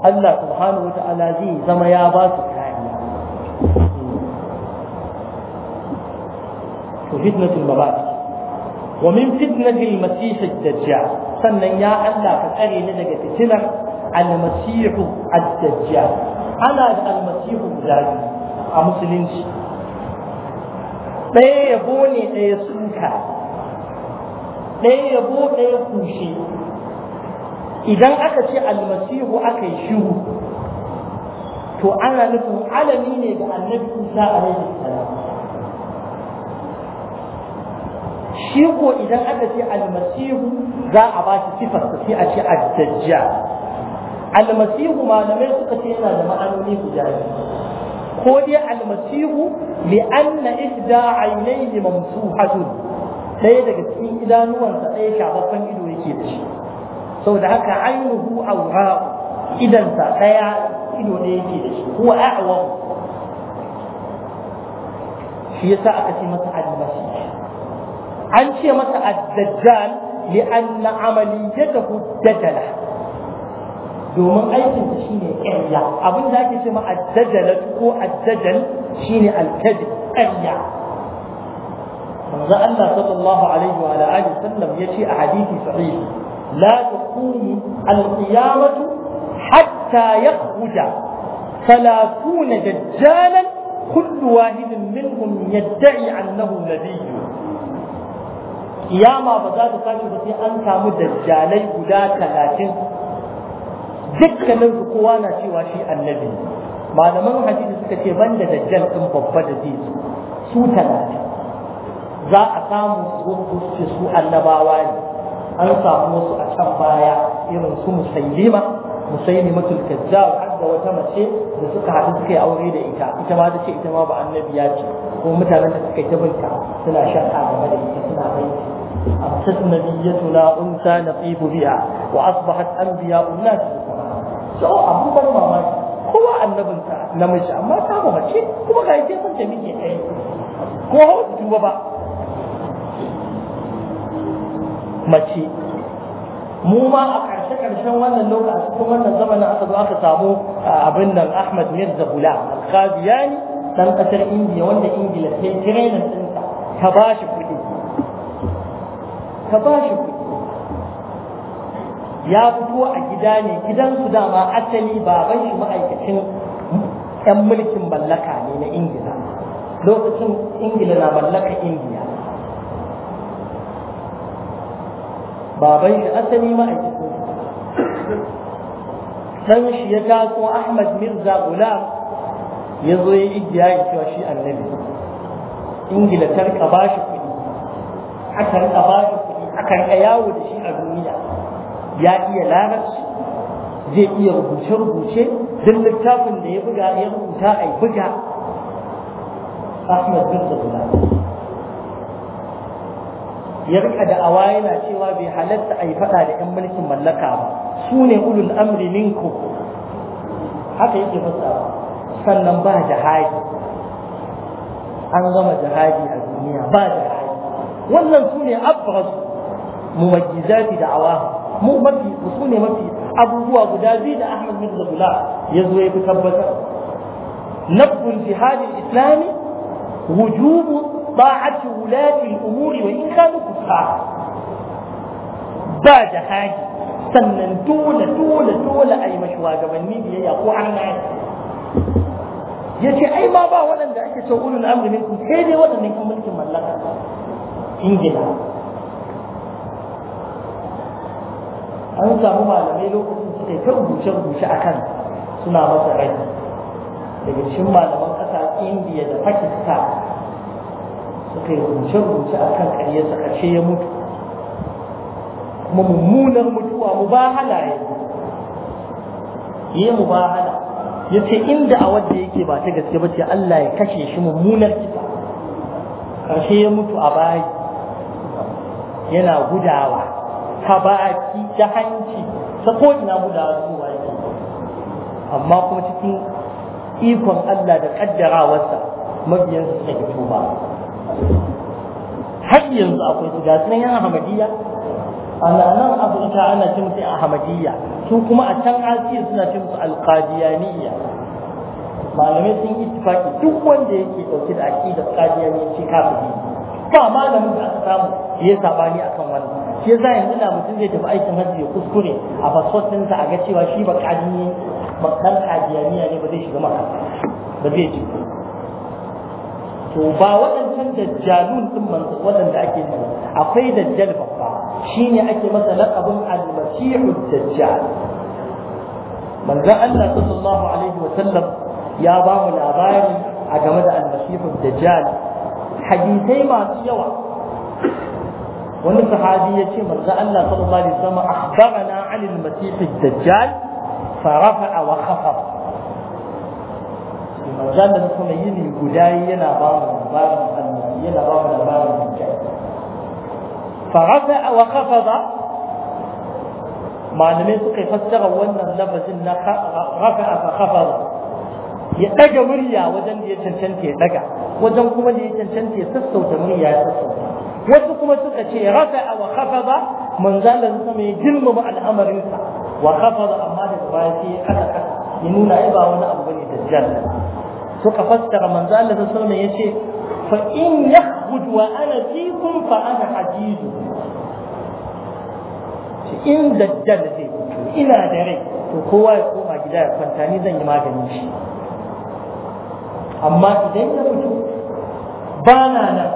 Allah subhanahu wata'ala zai zama ya ba su kariya to fitnatul mamat wa min fitnatil masih ad-dajjal sannan ya Allah ka kare ni daga fitinar al-masih ad-dajjal ana da al-masih guda a musulunci ɗaya yabo ne ɗaya suka ɗaya yabo ɗaya kushe idan aka ce almasihu aka yi shiru to ana nufin alami ne ga annabi isa a rai shi idan aka ce almasihu za a ba shi sifar sai a ce addajjal almasihu malamai suka ce yana da ma'anoni guda biyu ko dai almasihu li anna ihda aynayhi mamsuhatun Sai daga cikin idanuwansa ɗaya shafaffen ido yake da shi saboda haka ainihu awra'u idansa daya ido ne yake da shi huwa a'wa shi yasa aka ce masa al-masih an ce masa ad-dajjal li'anna amaliyatahu dajala domin aikin ta shine ƙarya abin da ake ce ma ad-dajala ko ad-dajal shine al-kadhib ƙarya manzo Allah sallallahu alaihi wa alihi sallam yace a hadisi sahihi لا تقوم القيامة حتى يخرج ثلاثون دجالا كل واحد منهم يدعي أنه نبي قيامة بذات تاشي بس أن كامو دجالي قدا ثلاثين ذكر من قوانا شيء النبي ما لمن حديث سكتي من دجال إن ببدا ديزو سو ثلاثين za a samu su su annabawa ne an samu wasu a can baya irin su musailima musailimatul kazzab har da wata mace da suka haɗu suka yi aure da ita ita ma ta ce ita ma ba annabiya ce ko mutanen da suka yi ta binta suna shan game da ita suna baiti أمست نبيتنا أنثى نقيب بها وأصبحت أنبياء الناس سو أبو بن مامي هو النبي نمشي أما تابو هالشيء هو غايتين من جميع ko hau tuba ba mace mu ma a ƙarshe ƙarshen wannan lokaci wannan zamanin aka zo aka samu abin nan Ahmad Mirza Bula, al-Qadiyani dan ƙasar India, wanda Ingila ta yi ɗinsa ta ba shi kuɗi ta ba shi kuɗi ya fito a gida ne gidansu dama asali baban shi ma'aikacin 'yan mulkin mallaka ne na ingila lokacin ingila na mallaka indiya baban shi asali ma'aikacin San shi ya taso Ahmad Mirza Gulam ya zo ya igiya ya cewa shi annabi Ingila ta rika ba shi kuɗi aka rika ba shi kuɗi aka rika yawo da shi a duniya ya iya larabci zai iya rubuce-rubuce duk littafin da ya buga ya rubuta a buga Ahmad Mirza Gulam ya rika da awa yana cewa bai halatta a yi faɗa da 'yan mulkin mallaka ba su ne ulul amri minku haka yake fassara sannan ba jihadi an gama jihadi a duniya ba jihadi wannan su ne abbas mumayyizati da awa mu mafi su ne mafi abubuwa guda biyu da ahmad bin zabula ya zo ya fi tabbatar nafsul jihadin islami wujubu ب ع ة و ل ا ة ا ل أ م و ر و إ ن كانوا كفار بعد ح ا ج ة سنن طول طول طول أ ي مشواق من مين ي ق و ع عن ا ل ي ت ي أ ي ما باه ولن د ع تقول الامر منكم كيدي وطن منكم ملك ملكه انجلا انت هما لم يلوكم تتوب suka yi rubuce-rubuce a kan ƙaryarsa ƙarshe ya mutu kuma mummunar mutuwa mu ba hala ya yi mu ba hala ya ce inda a wadda yake ba ta gaske ba ce Allah ya kashe shi mummunar kisa ƙarshe ya mutu a bayi yana gudawa ta baki ta hanci ta ina gudawa su yake amma kuma cikin ikon Allah da ƙaddarawarsa mabiyansa suka fito ba har yanzu akwai su ga sunan yan ahmadiyya a nan afirka ana ce musu ahmadiyya su kuma a can asiya suna ce musu alkadiyaniya malamai sun yi tufaki duk wanda yake dauke da da qadiyaniyya ce yi ba malamin da aka samu ya sabani akan wannan shi yasa yanzu da mutum zai tafi aikin hajji ya kuskure a fasfot ɗinsa a ga cewa shi ba kadiyani ba kadiyaniya ne ba zai shiga maka ba zai ci to ba waɗancan dajjalun din manzo waɗanda ake nuna akwai dajjal babba shine ake masa laqabin al-masihu dajjal manzo Allah sallallahu alaihi wa sallam ya ba mu labari a game da al-masihu dajjal hadisai masu yawa wani sahabi ya ce manzo Allah sallallahu alaihi wa sallam akhbarana 'anil masihu dajjal فرفع وخفض manzan da kuma yini guda yana ba mu labarin annabi yana ba mu labarin dukkan farafa wa khafada malamai suka fassara wannan lafazin na rafa'a fa khafada ya daga murya wajen da ya cancanta ya daga wajen kuma da ya cancanta ya sassauta murya ya sassauta wasu kuma suka ce rafa'a wa khafada manzan da kuma ya girmama al'amarinsa wa khafada amma da baya sai ya kada ya nuna ai ba wani abu bane dajjal suka fassara manzo Allah sallallahu alaihi wasallam yace fa in yakhruj wa ana fikum fa ana hajizu in dajjal zai ina da rai to kowa ya koma gida ya kwanta ni zan yi maganin shi amma idan ya mutu, ba na nan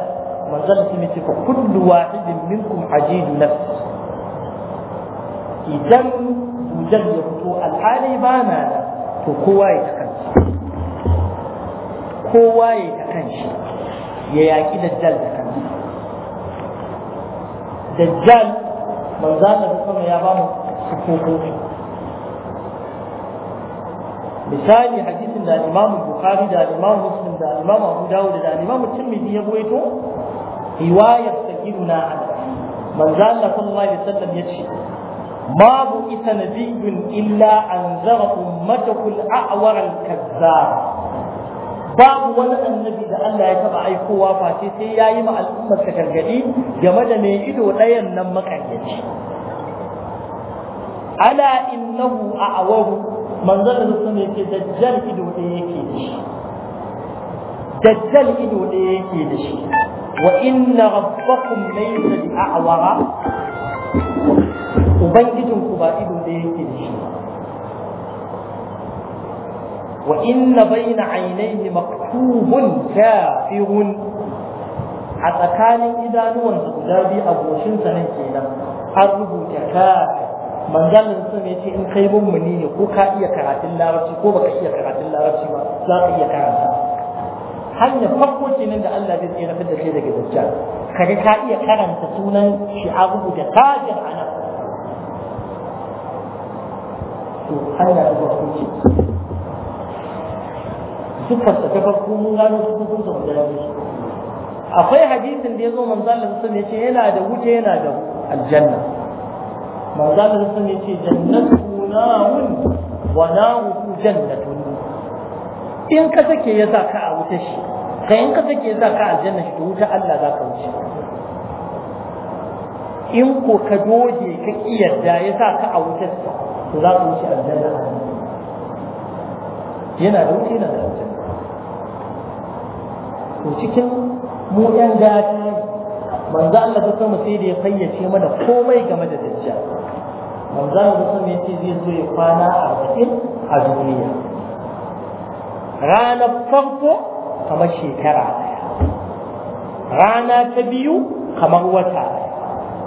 manzo Allah sai ce fa kullu wahidin minkum hajizu nafsi idan dujal ya fito alhali ba na nan to kowa ya kowa ya yi kan shi ya yaƙi dajjal da kansa dajjal manzo Allah sama ya ba mu sukukoki misali hadisin da Imam Bukhari da Imam Muslim da Imam Abu Dawud da Imam Tirmidhi ya goyito riwayar sakiduna Anas manzo Allah sallallahu alaihi wasallam yace ما بئس نبي إلا أنذر أمته الأعور الكذاب باب ولا النبي ده الله يتبع أي قوة فاتي يا إما الأمة تكالجدي جمع دمي إدو ليل نم مكالجدي ألا إنه أعوه من ذلك السنة دجال إدو ليكيدش دجال إدو ليكيدش وإن ربكم ليس أعوه وبين إدو كبا إدو ليكيدش wa inna bayna ainihi maktubun kafirun a tsakanin idanuwansa guda biyu a goshinsa nan kenan an rubuta kafir manzalin sun ya ce in kai mummuni ne ko ka iya karatun larabci ko baka iya karatun larabci ba za ka iya karanta hanyar farko kenan da Allah zai tsira da kai daga dajjal kaga ka iya karanta sunan shi a rubuta a nan ce siffarsa ta farko mun gano su kun sa guda biyu akwai hadisin da ya zo manzo Allah sun ya ce yana da wuta yana da aljanna manzo Allah sun ya ce jannatu na'un wa na'u jannatun in ka take ya sa ka a wuce shi kai in ka take ya sa ka aljanna shi to wuta Allah za ka wuce in ko ka doge ka kiyarda ya sa ka a wutar to za ka wuce aljanna yana da wuce yana da aljanna. to cikin mu yan gadi manzo Allah ta sama sai da ya fayyace mana komai game da dajja manzo Allah ta sama yace zai zo ya kwana arba'in a duniya Rana farko kamar shekara rana ta biyu kamar wata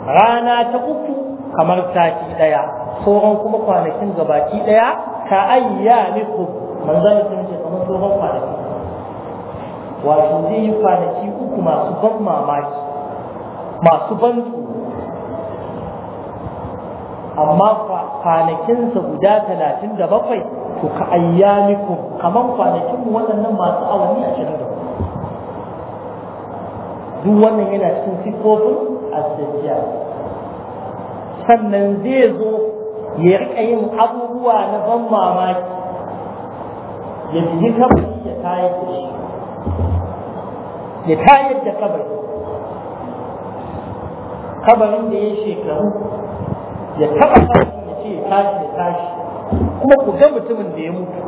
rana ta uku kamar sati daya sauran kuma kwanakin gabaki daya ka ayyami ku manzo Allah ta ce kamar sauran kwanakin wato zai yi kwanaki uku masu ban mamaki masu ban amma kwanakinsa guda talatin da bakwai to ka ayyamikum kamar kwanakinmu waɗannan masu awanni ashirin da duk wannan yana cikin a asirjiya sannan zai zo ya riƙa yin abubuwa na ban mamaki ya ji kabari ya kayi da shi ya tayar da kabari kabarin da ya shekaru ya taɓa kabarin ya ce ya tashi ya tashi kuma ku ga mutumin da ya mutu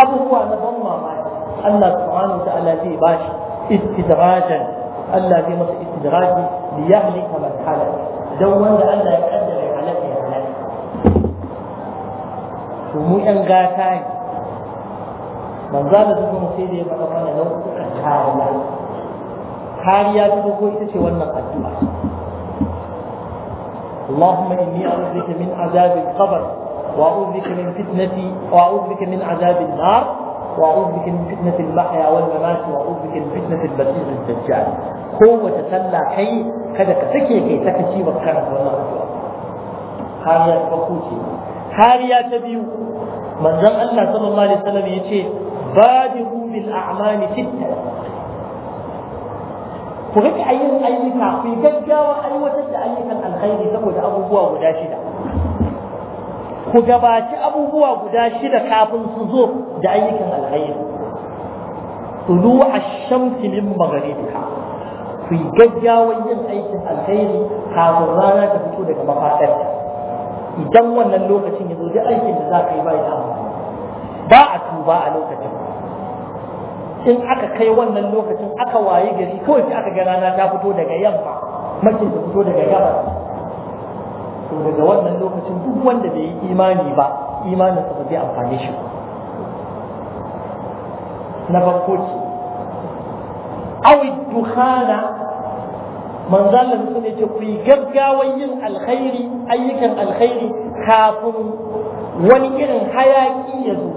abubuwa na ban mamaki Allah subhanahu wa ta'ala zai bashi istidrajan Allah zai masa istidraji li yahlika man halaka dan wanda Allah ya kaddara ya halaka ya halaka to mu yan gata ne manzo da duk mu sai da ya faɗa mana nau'ukan kariya kariya ta dogo ita ce wannan addu'a اللهم إني أعوذ بك من عذاب القبر وأعوذ بك من فتنة وأعوذ بك من عذاب النار وأعوذ بك من فتنة المحيا والممات وأعوذ بك من فتنة المسيح الدجال هو تسلى كي كذا كتكي كي تكتي وكانت ولا هاريا تفكوتي هاريا تبيو من زم الله صلى الله عليه وسلم يتي بادروا بالأعمال ستة ku rika ayyukan ayyuka ku yi gaggawa aiwatar da ayyukan alkhairi saboda abubuwa guda shida ku gabaci abubuwa guda shida kafin su zo da ayyukan alkhairi tulu ash-shamsi min maghribiha ku yi gaggawan yin aikin alkhairi kafin rana ta fito daga mafadarta idan wannan lokacin ya zo aikin da za ka yi ba ya ba a tuba a lokacin in aka kai wannan lokacin aka waye gari kawai sai aka ga rana ta fito daga yamma mace ta fito daga gabas to daga wannan lokacin duk wanda bai yi imani ba imanin sa ba zai amfane shi na farko ce awi dukhana manzan da su ce ku yi gaggawan yin alkhairi ayyukan alkhairi kafin wani irin hayaki ya zo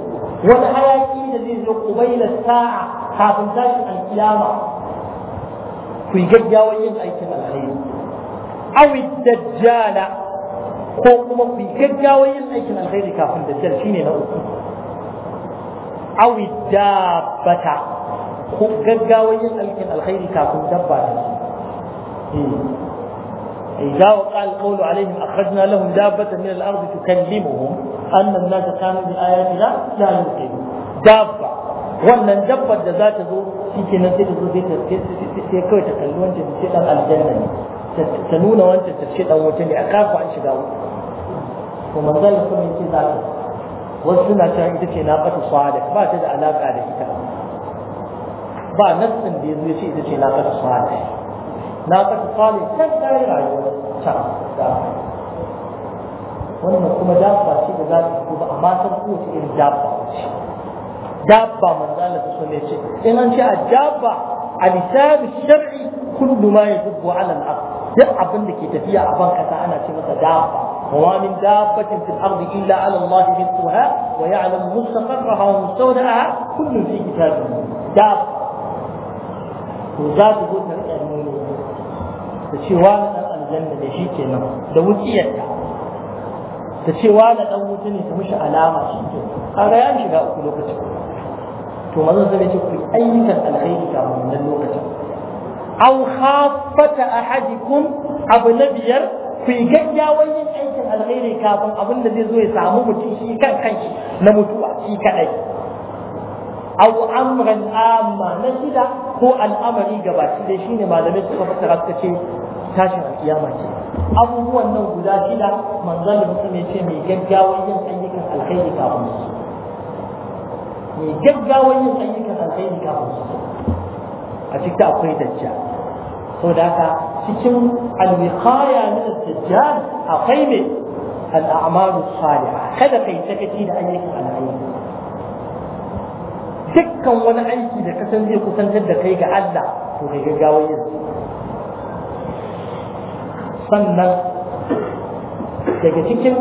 wani hayaki da zai zo kubaila sa'a kafin tashin alkiyama ku yi gaggawar yin aikin alkhairi awi dajjala ko kuma ku yi gaggawar yin aikin alkhairi kafin dajjal shine na uku awi dabbata ko gaggawar yin aikin alkhairi kafin dabba ta إذا وقع القول عليهم أخرجنا لهم دابة من الأرض تكلمهم أن الناس كانوا بآياتنا لا يوقنون دابة wannan dabbar da za ta zo shi ke nan sai ta zo sai kawai ta kalli wancan ta ce dan aljanna ne ta nuna wancan ta ce dan wuta ne a kafa an shiga wuta to manzon sun yake za ta wasu suna cewa ita ce na fata swada ba ta da alaƙa da ita ba nassin da ya zo ce ita ce na fata swada na fata swada ta kare rayuwar ta wannan kuma dabba ce da za ta fito ba amma san kowace irin dabba ce دابة من الله قال تصليت إن أنت الدابة على حساب الشرع كل ما يدب على الأرض يقع بندك تفيع بانك أنا شمس دابة وما من دابة في الأرض إلا على الله رزقها ويعلم مستقرها ومستودعها كل في كتابه دابة وزاد بوتا تشيوانا أنزلنا لشيك نوم لوتية تشيوانا أنزلنا لشيك نوم تشيوانا أنزلنا لشيك نوم قال يا أنشي لا أكلوك تشيك to manzo sai ya ce ku ayyukan alkhairi kafin wannan lokacin aw khaffata ahadikum abu na biyar ku yi yin aikin alkhairi kafin abin da zai zo ya samu mutum shi kan kanshi na mutuwa shi kadai aw amran amma na shida ko al'amari gabaki dai shine malamai suka fassara suka ce tashin alkiyama ce abubuwan nan guda shida manzo da mutum ya ce mai gaggawan yin ayyukan alkhairi kafin su mai gaggawar yin ayyukan alkhairi kafin su a cikin akwai dajjal sau da haka cikin alwiqaya min dajjal akwai mai al'amalu salihah kada kai sakaci da ayyukan alkhairi dukkan wani aiki da kasan zai kusantar da kai ga Allah to mai gaggawar yin sannan daga cikin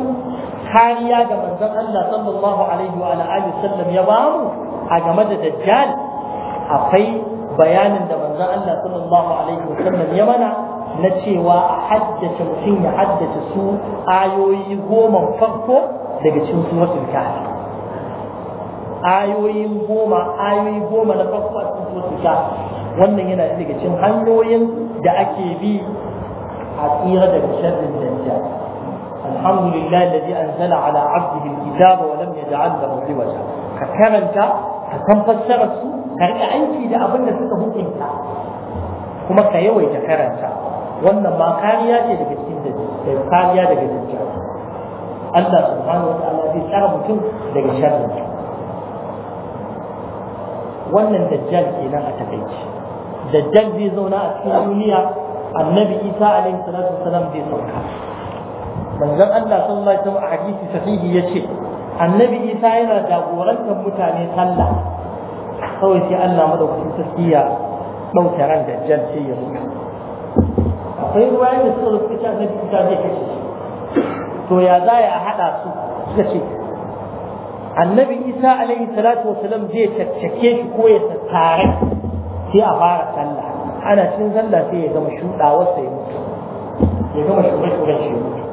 kariya ga manzon Allah sallallahu alaihi wa alihi sallam ya ba mu a game da dajjal akwai bayanin da manzon Allah sallallahu alaihi wa sallam ya mana na cewa a haddace mutum ya haddace su ayoyi goma farko daga cikin suratul kahfi ayoyin goma ayoyi goma na farko a cikin suratul kahfi wannan yana daga cikin hanyoyin da ake bi a tsira daga sharrin dajjal الحمد لله الذي أنزل على عبده الكتاب ولم يجعل له عوجا ككرنت كتنفسر السوء كرئ أيكي ده أبن سكه أنت كما كيوي ككرنت wannan ma kariya ce daga cikin da eh, kariya daga dukkan Allah subhanahu wa ta'ala zai tsara mutum daga sharrin wannan dajjal kenan a takaici dajjal zai zauna a cikin duniya annabi isa zai sauka manzon Allah sallallahu alaihi wasallam a hadisi sahihi yace annabi Isa yana jagorantar mutane sallah kawai sai Allah madaukakin sarki ya dauke ran dajjal sai ya mutu akwai ruwaya da suka rubuta cewa annabi Isa zai kashe to ya za a hada su suka ce annabi Isa alaihi salatu wasalam zai caccake shi ko ya tattare sai a fara sallah ana cin sallah sai ya gama shuɗa wasa ya mutu ya gama shuɗe-shuɗen shi ya mutu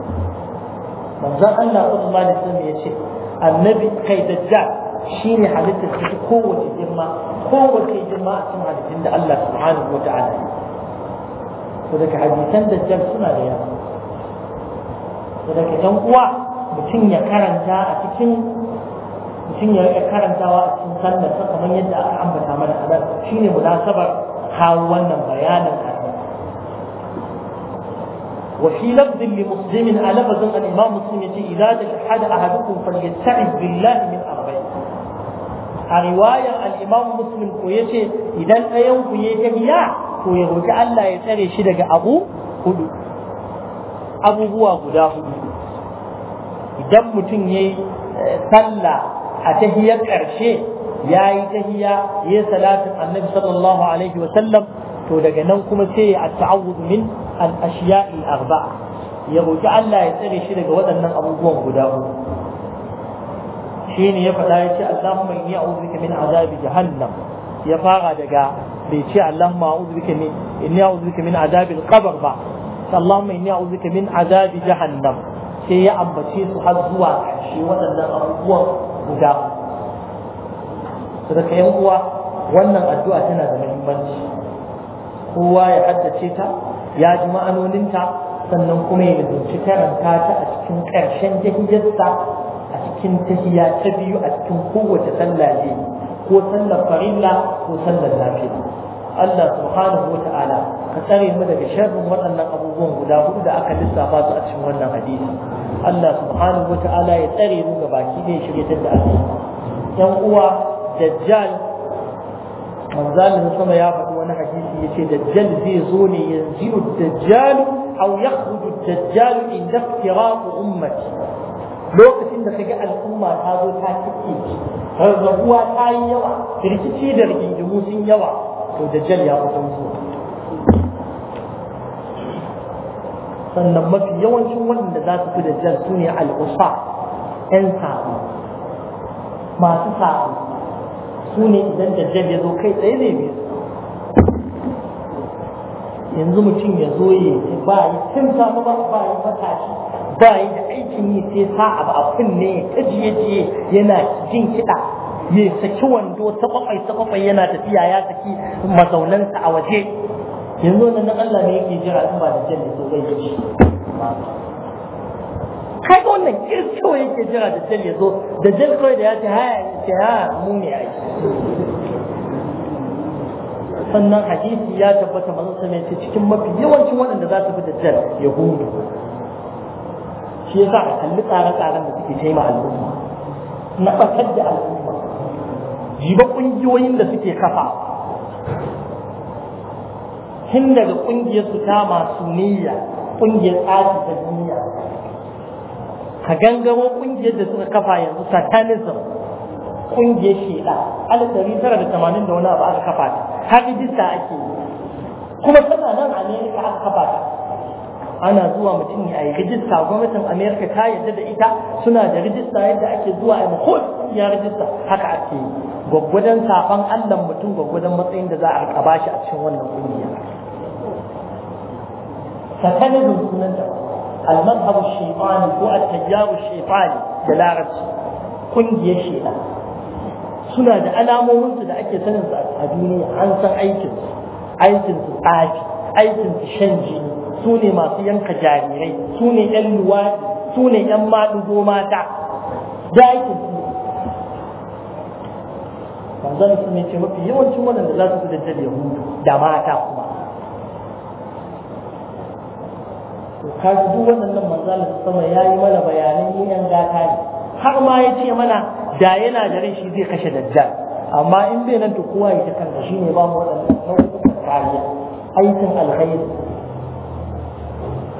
manzon Allah Usman sun ya ce annabi kai da shi ne halittar ta kowace girma kowace girma a cikin halittun da Allah subhanahu wata'ala to daga hadisan dajjal suna da yawa to daga dan uwa mutum ya karanta a cikin mutum ya rika karantawa a cikin sallar kamar yadda aka ambata mana a nan shine munasabar kawo wannan bayanin وفي لفظ لمسلم على لفظ الإمام مسلم إذا تشهد أحدكم فليستعذ بالله من أربعين a riwayar al’imamu muslim ko ya idan ɗayan ku ya tafiya ko ya roƙi Allah ya tsare shi daga abu hudu abubuwa guda hudu idan mutum ya yi sallah a tahiyar ƙarshe ya yi tahiya ya yi annabi sallallahu alaihi wasallam to daga nan kuma sai ya ta'awudu min al-ashiya al-arba'a ya roƙi Allah ya tsare shi daga waɗannan abubuwan guda uku shine ya faɗa ya ce Allah Allahumma inni a bika min azabi jahannam ya fara daga bai ce Allah ma bika min inni a'udhu bika min azabi al-qabr ba Allahumma inni a bika min azabi jahannam sai ya ambace su har zuwa shi waɗannan abubuwan guda saboda yan uwa wannan addu'a tana da muhimmanci kowa ya haddace ta ya ji ma'anoninta sannan kuma ya rubuci karanta ta a cikin ƙarshen tahiyarsa a cikin tahiya ta biyu a cikin kowace sallah ne ko sallar farilla ko sallar lafiya Allah subhanahu wa ta'ala ka tsare mu daga sharrin waɗannan abubuwan guda hudu da aka lissafa su a cikin wannan hadisi Allah subhanahu wa ta'ala ya tsare mu ga baki ne shirye da ake yan uwa dajjal manzalin sama ya faɗi yace dajjal zai zo ne ya yanzu dajjal aw yakhruju dajjal inda iftiraq ummati lokacin da kaga al'umma ta zo ta kike rarrabuwa ta yi yawa rikici da rigingimu sun yawa to dajjal ya fito zuwa sannan mafi yawancin waɗanda za su fi dajjal su ne al'usa 'yan sabo masu sabo su ne idan dajjal ya zo kai tsaye ne bai yanzu mutum ya zo ya ba yi tun samu ba ba yi matashi ba yi da aikin yi sai sa abu a kunne jiye jiye yana jin kiɗa ya saki wando ta kwakwai ta kwakwai yana tafiya ya saki mazaunansa a waje yanzu wannan na Allah ne yake jira in ba da jan da so zai yi kai wannan kirkiwa yake jira da jan ya zo da jan kawai da ya ce haya ya ce haya mu ne aiki sannan hadisi ya tabbata manzon sama ce cikin mafi yawancin waɗanda za su fi Ya gudu. shi yasa a kalli tsare-tsaren da suke taima al'umma na ɓatar da al'umma jiba ƙungiyoyin da suke kafa tun daga ƙungiyar su ta masu niyya ƙungiyar tsari ta duniya ka gangaro ƙungiyar da suka kafa yanzu satanism ƙungiyar shaida alif ɗari tara da tamanin da wani abu aka kafa ta har ake kuma tana nan amerika aka kafa ta ana zuwa mutum ya yi rijista gwamnatin amerika ta yadda da ita suna da rijista yadda ake zuwa a mahol ya rijista haka ake yi gwaggwadon safan allan mutum gwaggwadon matsayin da za a rika bashi a cikin wannan kungiya satanibin sunan da almadhabu shaytani ko a tayyaru shaytani da larabci kungiyar shaytan suna da alamomin su da ake sanin su a a duniya an san aikin aikin su tsafi aikin su shan jini su ne masu yanka jarirai su ne yan luwaɗi su ne yan maɗugo mata da aikin su manzon su ne ce mafi yawancin waɗanda za su fi da hudu, da mata kuma to kaji duk waɗannan manzon sama ya yi mana bayanan yin yan gata ne har ma ya ce mana da yana da rashi zai kashe dajjal amma in bai nan to kowa ya ta kanta ne ba mu wadannan nau'ukan kariya aikin alkhairi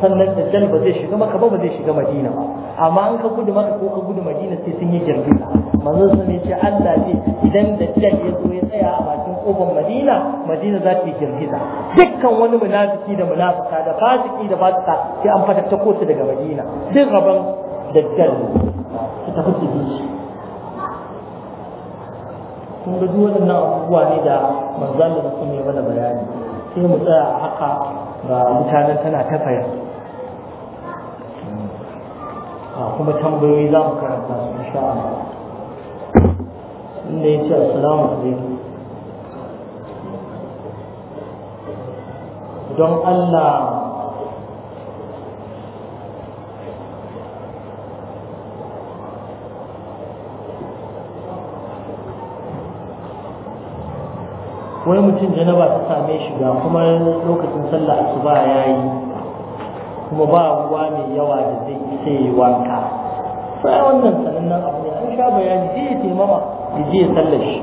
sannan da ba zai shiga maka ba ba zai shiga madina ba amma an ka gudu maka ko ka gudu madina sai sun yi girgiza manzo sun ne ce Allah ne idan da tilal ya zo ya tsaya a bakin kofar madina madina za ta yi girgiza dukkan wani munafiki da munafika da fasiki da fasika sai an ta su daga madina duk rabon dajjal tafi su bi shi kun ga duk waɗannan abubuwa ne da manzan da sun yi mana bayani sai mu tsaya a haka ga mutanen tana ta a ah, kuma tambayoyi za mu karanta su insha Allah inda ya ce assalamu alaikum don Allah wai mutum janaba ta same shi ga kuma lokacin sallah asuba ya yi kuma ba ruwa mai yawa da zai isa yi wanka sai wannan sanannen abu ne an sha bayani zai ya taimama da zai sallar shi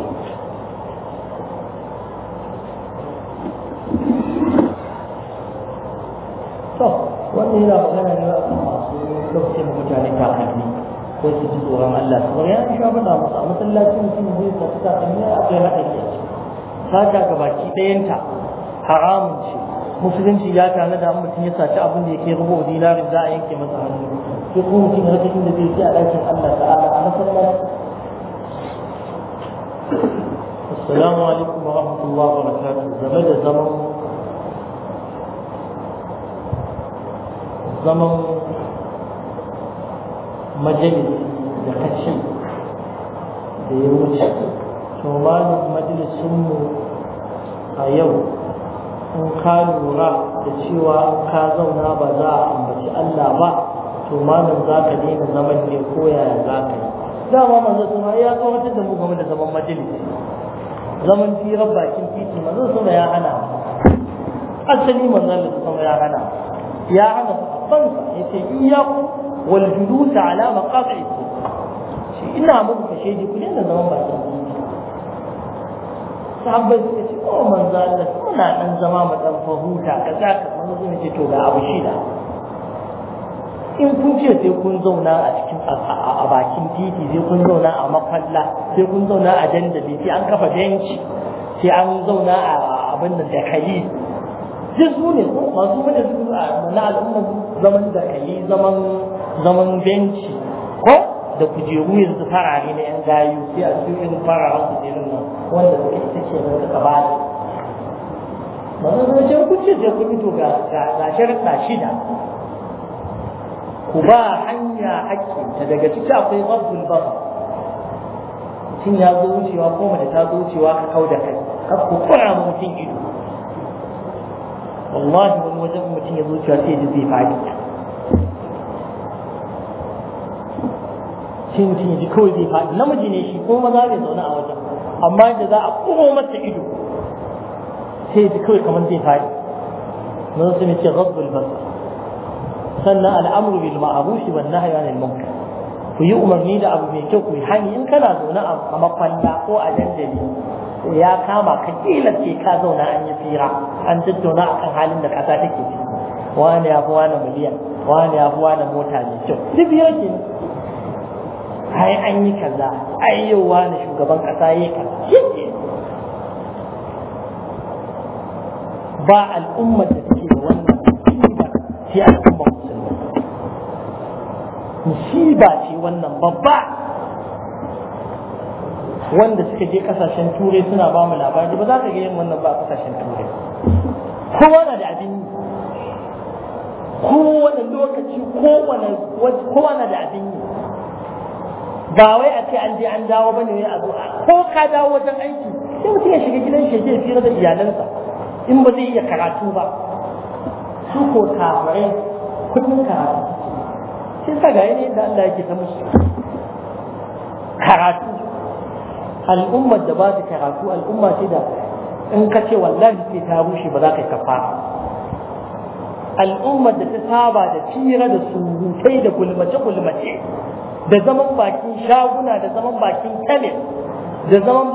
to wannan yana magana ne a kan masu lokacin mutane kakanni ko su ji tsoron Allah kamar ya sha faɗa musu a masallacin mutum zai tafi kakanni a kai haɗa sata ga baki ɗayanta haramun ce musulunci ya tana da mutum ya saci abin da yake rubo dinarin za a yanke masa hannu ko kuma mutum ya rage da zai a ɗakin Allah ta'ala a masallaci assalamu alaikum wa rahmatullahi wa barakatuh game da zaman zaman majalis da kashi da ya wuce domanin majalisunmu a yau in ka lura da cewa ka zauna ba za a ambaci Allah ba domanin za ka daina zaman ne ko yaya za ka yi dama manzo sama ya kawatar da mu game da zaman majalisi zaman firar bakin titi manzo sama ya hana asali manzo sama ya hana ya hana fansa yace iyyaku wal ina muku kashe ku ne zaman bakin sahabbai suka ce oh manzo Allah kana dan zama mu dan fahuta kaza ka manzo ne ce to da abu shida in kun ce sai kun zauna a cikin a bakin titi sai kun zauna a makalla sai kun zauna a dandali sai an kafa benci sai an zauna a abin da da kayi sai su ne masu mana su na al'ummar zaman da kai zaman zaman benci da kujeru yanzu farare na yan gayu sai a cikin irin fararen kujerun nan wanda suka ita ce da suka ba da mazan can kun ce sai to fito ga sharaɗa shida ku ba hanya hakki ta daga ciki akwai rabbul basar mutum ya zo wucewa ko mace ta zo wucewa ka kau da kai kar ku kura mutum ido wallahi wani wajen mutum ya zo wucewa sai ya ji zai fadi sai mutum ya ji kawai zai faɗi namiji ne shi ko maza bai zaune a wajen amma yadda za a ƙuro masa ido sai ya ji kawai kamar zai faɗi mun sun ce rabbul basar sannan al'amru bil ma'ruf wa nahyi anil munkar ku yi umarni da abu mai kyau ku yi hani in kana zaune a makwanda ko a dandali ya kama ka kila ce ka zauna an yi fira an tattauna akan halin da kasa take ciki wani ya fi wani miliyan wani ya fi wani mota mai kyau duk yake ai an yi kaza ai yau wani shugaban kasa ya kaza ba al'ummar da take da wannan musiba sai al'ummar musulmi musiba ce wannan babba wanda suka je kasashen turai suna ba mu labari ba za ka ga yin wannan ba kasashen turai kowa na da abin yi kowane lokaci kowane kowa na da abin yi ba wai a ce an je an dawo bane ne a zo ko ka dawo wajen aiki sai mutum ya shiga gidan shi ya fira da iyalansa in ba zai iya karatu ba su ko kafirai kullum karatu sai sa ga ne da Allah yake ta musu karatu al'ummar da ba ta karatu al'umma ce da in ka ce wallahi ke ta rushe ba za ka yi kafara al'ummar da ta saba da fira da surutai da gulmace-gulmace da zaman bakin shaguna da zaman bakin kamin da zaman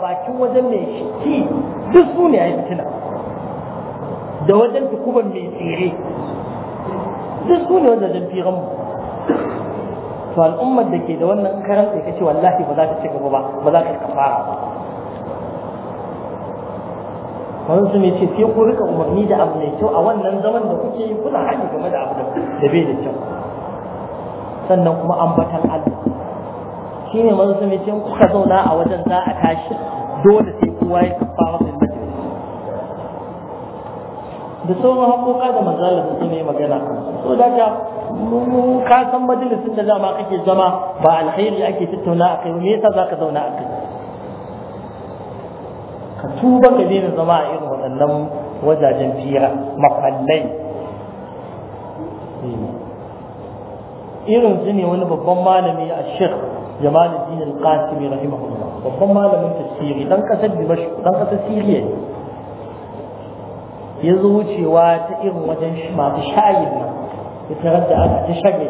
bakin wajen mai shi duk su ne a fitina da wajen tukuban mai tsere duk su ne wajen firanmu to al'ummar da ke da wannan karan ka kace, wallahi ba za ta ci gaba ba ba za ta kafara ba wani su mai ce sai ku rika umarni da abu mai kyau a wannan zaman da kuke yi kuna haɗi game da abu da bai da kyau sannan kuma an batar Allah shi ne manzo sun kuka zauna a wajen za a tashi dole sai kowa ya kafa masa majalis da sauran haƙoƙa da manzo Allah sun yi magana so da ka ka san majalisin da dama kake zama ba alkhairi ake tattauna kai me yasa zaka zauna a kai ka tuba ka daina zama a irin waɗannan wajajen fira mafallai hmm. irin su ne wani babban malami a shek jamaluddin al-qasimi rahimahullah babban malamin tafsiri dan kasar dimashq dan kasar siriya ya zo wucewa ta irin wajen masu shayin nan ya tarar da aka ta shage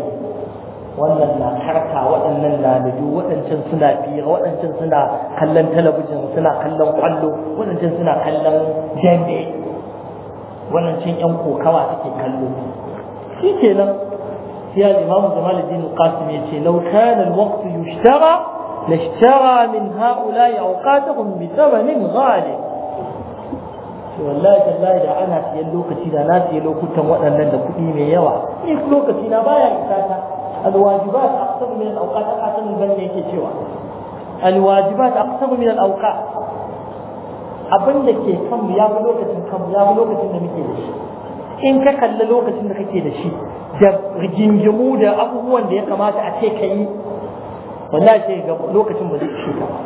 wannan na karka waɗannan na da waɗancan suna biya waɗancan suna kallon talabijin suna kallon kwallo waɗancan suna kallon jami'i waɗancan yan kokawa suke kallo shi kenan gaskiya limamu jamal din qasim ya ce law kana alwaqt yushtara lashtara min haula'i awqatahum bi thamanin ghalib wallahi tallahi da ana siyan lokaci da na siya lokutan waɗannan da kuɗi mai yawa ni lokaci na baya isa ta alwajibat aqsam min alawqat aqsam ban ne yake cewa alwajibat aqsam min alawqat abin da ke kanmu ya fi lokacin kanmu ya fi lokacin da muke da shi in ka kalli lokacin da kake da shi da rigingimu da abubuwan da ya kamata a ce ka yi wallahi sai ga lokacin ba zai ishe ka ba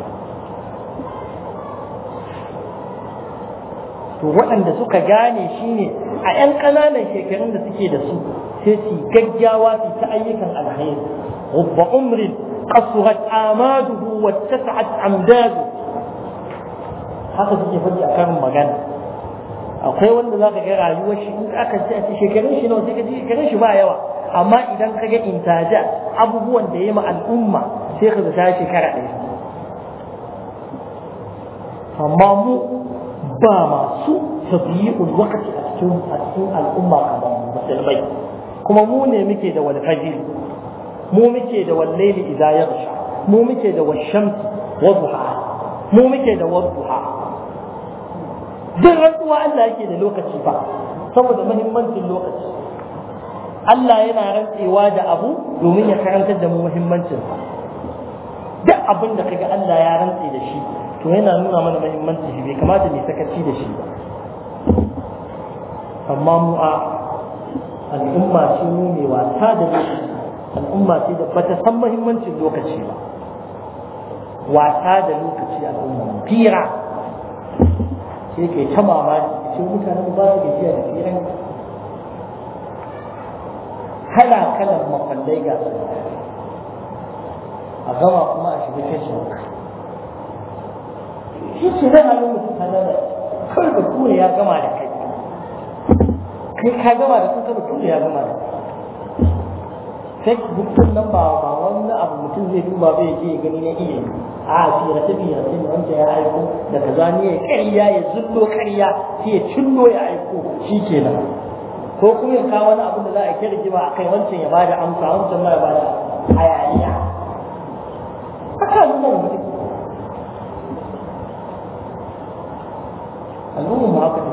to waɗanda suka gane shine a 'yan ƙananan shekarun da suke da su sai su gaggawa su ta ayyukan alhairi rubba umrin qasurat amaduhu wa tas'at amdadu haka suke faɗi a karin magana akwai wanda za ka ga rayuwar shi in aka ji a shekarun shi nawa sai ka ji shekarun shi ba yawa amma idan ka ga intaja abubuwan da ya ma al'umma sai ka zata shekara ɗaya amma mu ba masu tabi'ul wakati a cikin a cikin al'umma kamar musulmai kuma mu ne muke da walfaji mu muke da wallaili idayar shi mu muke da washamsi wa duha mu muke da wadduha duk rantsuwa Allah yake da lokaci ba saboda muhimmancin lokaci Allah yana rantsewa da abu domin ya karantar da mu muhimmancin sa duk abin da kaga Allah ya rantse da shi to yana nuna mana muhimmancin shi bai kamata mu sakaci da shi ba amma mu a al'umma ce mu mai wasa da lokaci al'umma ce da bata san muhimmancin lokaci ba wasa da lokaci al'umma fira sai ke ta mamaki sai mutane ba su gajiya da tsiran kala kalan mafallai ga su a gama kuma a shiga ta shi ce zan su mutane da kawai da kure ya gama da kai kai ka gama da kanka da kure ya gama da kai sai bukun nan ba ba abu mutum zai duba bai je gani na iya yi a tsira ta fira ta wanda ya aiko Daga zani ya karya ya zullo karya sai ya cinno ya aiko shi kenan ko kuma ya kawo wani abin da za a kira jima a kai wancan ya bada amsa wancan ma ya bada hayaniya haka wannan mutum al'ummar ma haka ne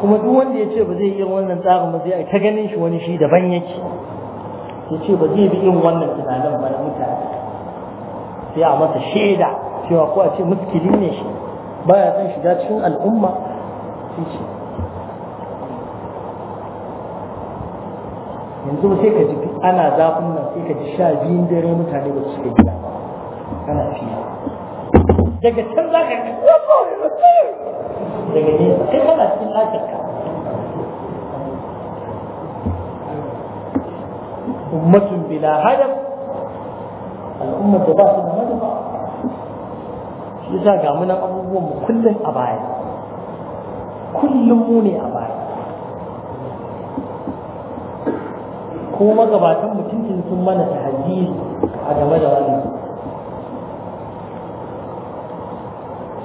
kuma duk wanda ya ce ba zai iya wannan tsarin ba zai ta ganin shi wani shi daban yake ya ce ba zai bi irin wannan tunanin ba na mutane sai a masa shaida cewa ko a ce muskili ne shi zan shiga cikin al'umma sai ce yanzu sai ka ji ana zafin nan sai ka ji sha biyun dare mutane ba su gida kana fiye daga can za ka daga ne sai kana cikin lafiyar ummatun bila hadaf al'ummar da ba su da manufa shi yasa ga munan abubuwan mu kullum a baya kullum mu ne a baya ko magabatan mutuncin sun mana tahajji a game da wani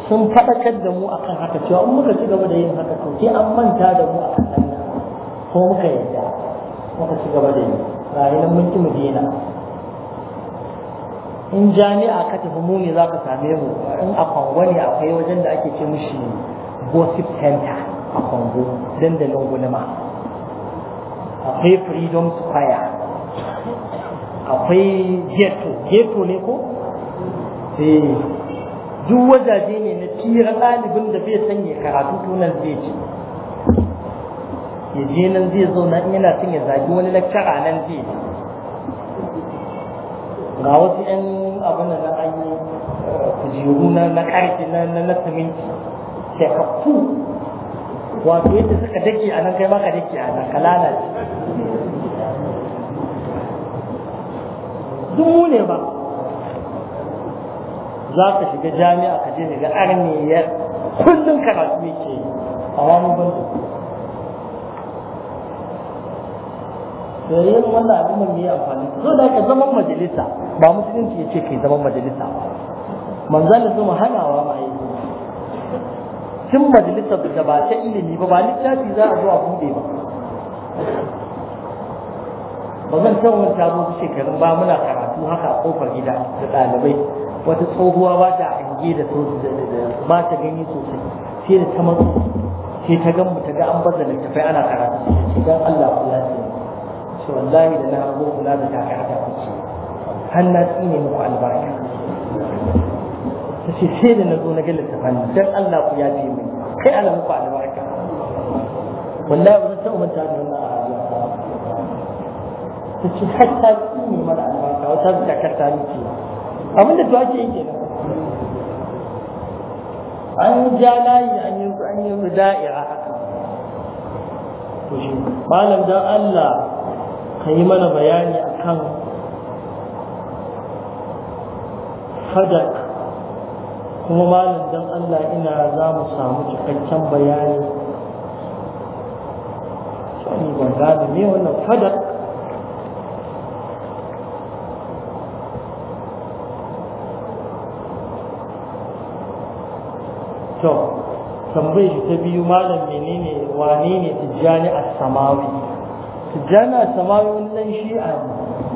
sun faɗakar da mu akan haka cewa in muka ci gaba da yin haka to sai an manta da mu akan nan ko muka yadda muka ci gaba da yi rayuwar mulki madina in jami'a ka tafi muni za ka same mu in a kwango ne akwai wajen da ake ce mushi gossip center a kwango dandalin gulma akwai freedom square akwai ghetto ghetto ne ko Sai. Eh. duk wajaje ne na tira ɗalibin da bai sanya karatu tunan zai ce ya je nan zai zauna in yana son ya zagi wani lakcara nan zai ga wasu 'yan abin da na an yi eh, kujeru na karfi na na siminti shekakku wato yadda suka dake a nan kai ma ka dake a nan ka duk mu ne ba za ka shiga jami'a ka je daga arniyar kullum karatu yake a wani bandu dare wannan abin nan mai amfani so da ka zaman majalisa ba musulunci ya ce kai zaman majalisa ba manzan da zuma hanawa ma yi tun majalisa da ba ta ilimi ba ba littafi za a zo a bude ba ba zan san wani ta su shekarun ba muna karatu haka a kofar gida da ɗalibai wata tsohuwa ba ta hange da da ba ta gani sosai sai da ta matsu sai ta gan mu ta ga an bazala tafai ana karatu sai dan Allah ku lafiya ce wallahi da na hango kula da taka haka kuce har na tsine muku albarka ta ce sai da na zo na ga hannu. Don Allah ku ya fi min kai ana muku albarka wallahi ba zan taɓa manta da wannan a rayuwa ta ce har ta tsine mana albarka wata bi ta karta miki abin da to ake yi kenan an ja layi an yi an yi da'ira haka malam dan Allah ka yi mana bayani akan fadak kuma malam don Allah ina za mu samu cikakken bayani sani ban gane ne wannan fadak to tambayi ta biyu malam menene wane ne tijjani a samawi jana samayon nan shi'a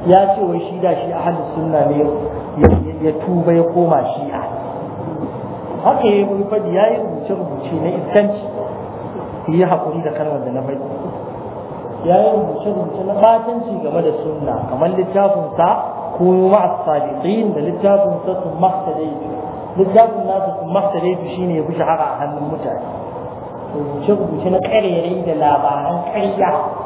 ya ce wai shi da shi ahli sunna ne ya tuba ya koma shi'a haka ya yi fadi ya yi rubuce rubuce na iskanci yi haƙuri da kalmar da na faɗi ya yi rubuce rubuce na batanci game da sunna kamar littafinsa ko ma'a sadiqin da littafinsa sun mahtadaitu littafin nasu sun mahtadaitu shine ya fi shahara a hannun mutane rubuce rubuce na ƙarerai da labaran ƙarya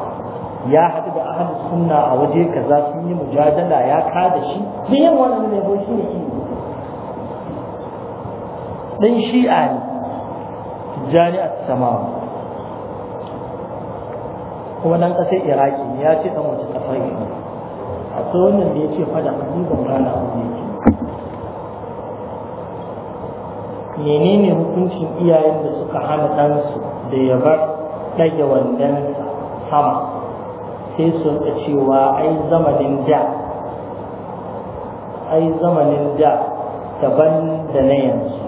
ya haɗu da ahal sunna a waje kaza sun yi mujadala ya da shi da yin wannan ne ko shi ne ilimi dan shi'a ne tijjani a samawa kuma nan ƙasar iraki ne ya ce ɗan wata ƙasar ne a tsohon da ya ce fada a duban rana a wani yake menene hukuncin iyayen da suka hana ɗansu da ya bar ɗage wandon sama sai su rika cewa ai zamanin da ai zamanin da daban da na yanzu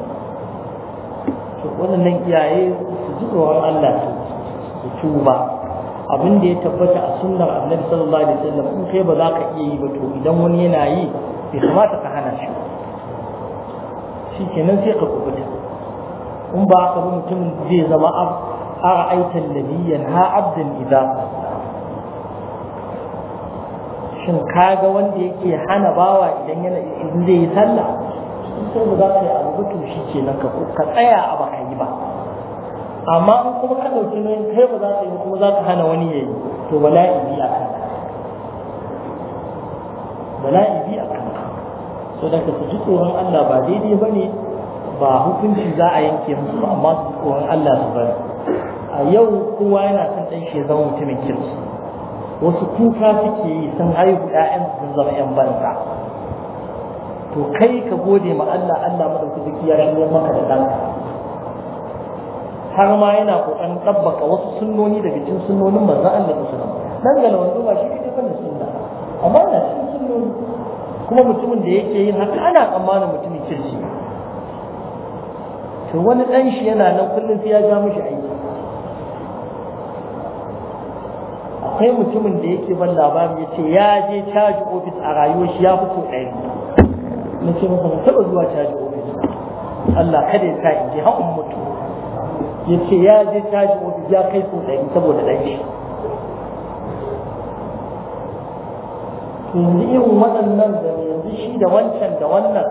to nan iyaye su ji tsoron Allah su tuba abin da ya tabbata a sunnar annabi sallallahu alaihi wasallam in kai ba za ka iya yi ba to idan wani yana yi bai kamata ka hana shi shi kenan sai ka kubuta in ba ka ba mutum zai zama a ra'aitan nabiyyan ha abdan idza shin kaga wanda yake hana bawa idan yana idan zai yi sallah sai ba za ka yi abu to shi ke nan ka tsaya a baka yi ba amma in kuma ka ɗauki nauyin kai ba za ka yi kuma za ka hana wani ya yi to bala'i bi a kanka bala'i bi a kanka so da ka su ji tsoron Allah ba daidai ba ne ba hukunci za a yanke musu ba amma su tsoron Allah su bari a yau kowa yana son ɗan shi zama mutumin kirki wasu kuka suke yi sun haihu ƴaƴan sun zama ƴan banza to kai ka gode ma Allah Allah duk ya shirya maka da danka har ma yana kokarin tabbaka wasu sunnoni daga cikin sunnonin manzon Allah sallallahu alaihi wasallam dan ga wanda ba shi ne kan sunna amma na cikin sunnoni kuma mutumin da yake yin haka ana tsammanin mutumin kirki to wani dan shi yana nan kullum sai ya ja mishi aiki akwai mutumin da yake ban labarin ya ce ya je caji ofis a rayuwar shi ya fito ɗaya na ce masa na taɓa zuwa caji ofis Allah kada ya sa in je haƙun mutu ya ce ya je caji ofis ya kai so ɗari saboda ɗan shi yanzu irin waɗannan da yanzu shi da wancan da wannan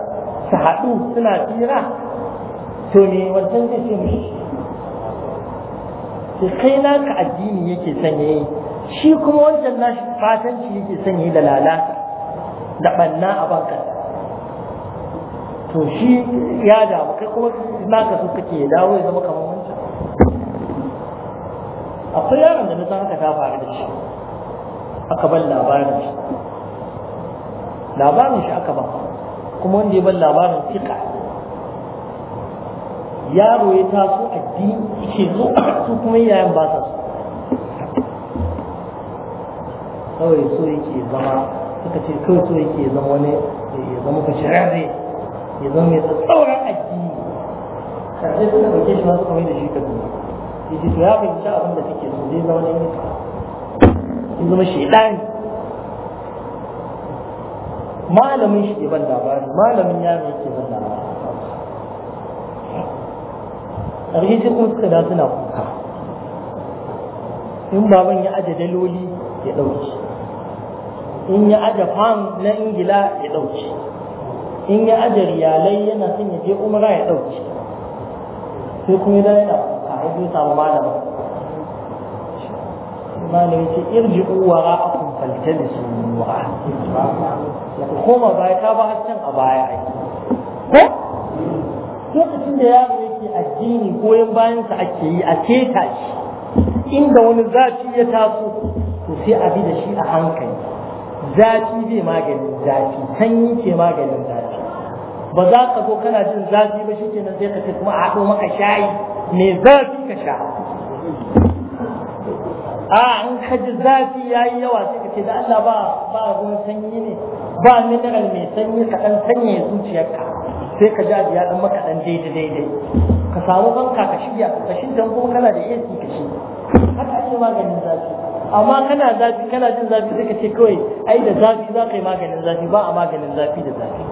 su haɗu suna tsira to ne wancan zai ce mishi sai kai naka addini yake yi shi kuma wancan nashi fatanci yake son da lalata da banna a banka to shi ya damu kai kuma naka so kake ya dawo ya zama kamar wancan akwai yaron da na san haka ta faru da shi aka ban labarin shi labarin shi aka ban kuma wanda ya ban labarin fika yaro ya taso addini ke so su kuma yayan ba sa so kawai so yake zama suka ce kawai so yake zama wani ya zama ka shirarre ya zama mai tsatsauran addini karshe suna ɗauke shi masu kamar da shi ka zama ya ce to ya fahimci abin da suke so zai zama ne ya zama shaidani malamin shi ke ban labari malamin ne yake ban labari ƙarshe sai kuma suka da suna kuka in baban ya aje daloli ya ɗauki in ya aje fam na ingila ya ɗauki in ya aje riyalai yana son ya je umra ya ɗauki sai kuma da yana a ya samu malama malama ce irji uwara a kumfalta da su nura ya koma baya ta ba hasken a baya ai ko lokacin da yaro yake addini goyon bayansa ake yi a keta shi inda wani zafi ya taso to sai a bi da shi a hankali zafi bai maganin zafi sanyi ke maganin zafi ba za ka zo kana jin zafi ba shi kenan sai ka ce kuma a haɗo maka shayi mai zafi ka sha a an kaji zafi ya yi yawa sai ka ce da Allah ba ba ruwan sanyi ne ba mineral mai sanyi ka dan sanya zuciyarka sai ka ji ya dan maka ɗan daidai daidai ka samu banka ka shirya ka shirya kuma kana da AC ka shi haka ake maganin zafi amma kana zafi kana jin zafi sai ka ce kawai ai da zafi za ka yi maganin zafi ba a maganin zafi da zafi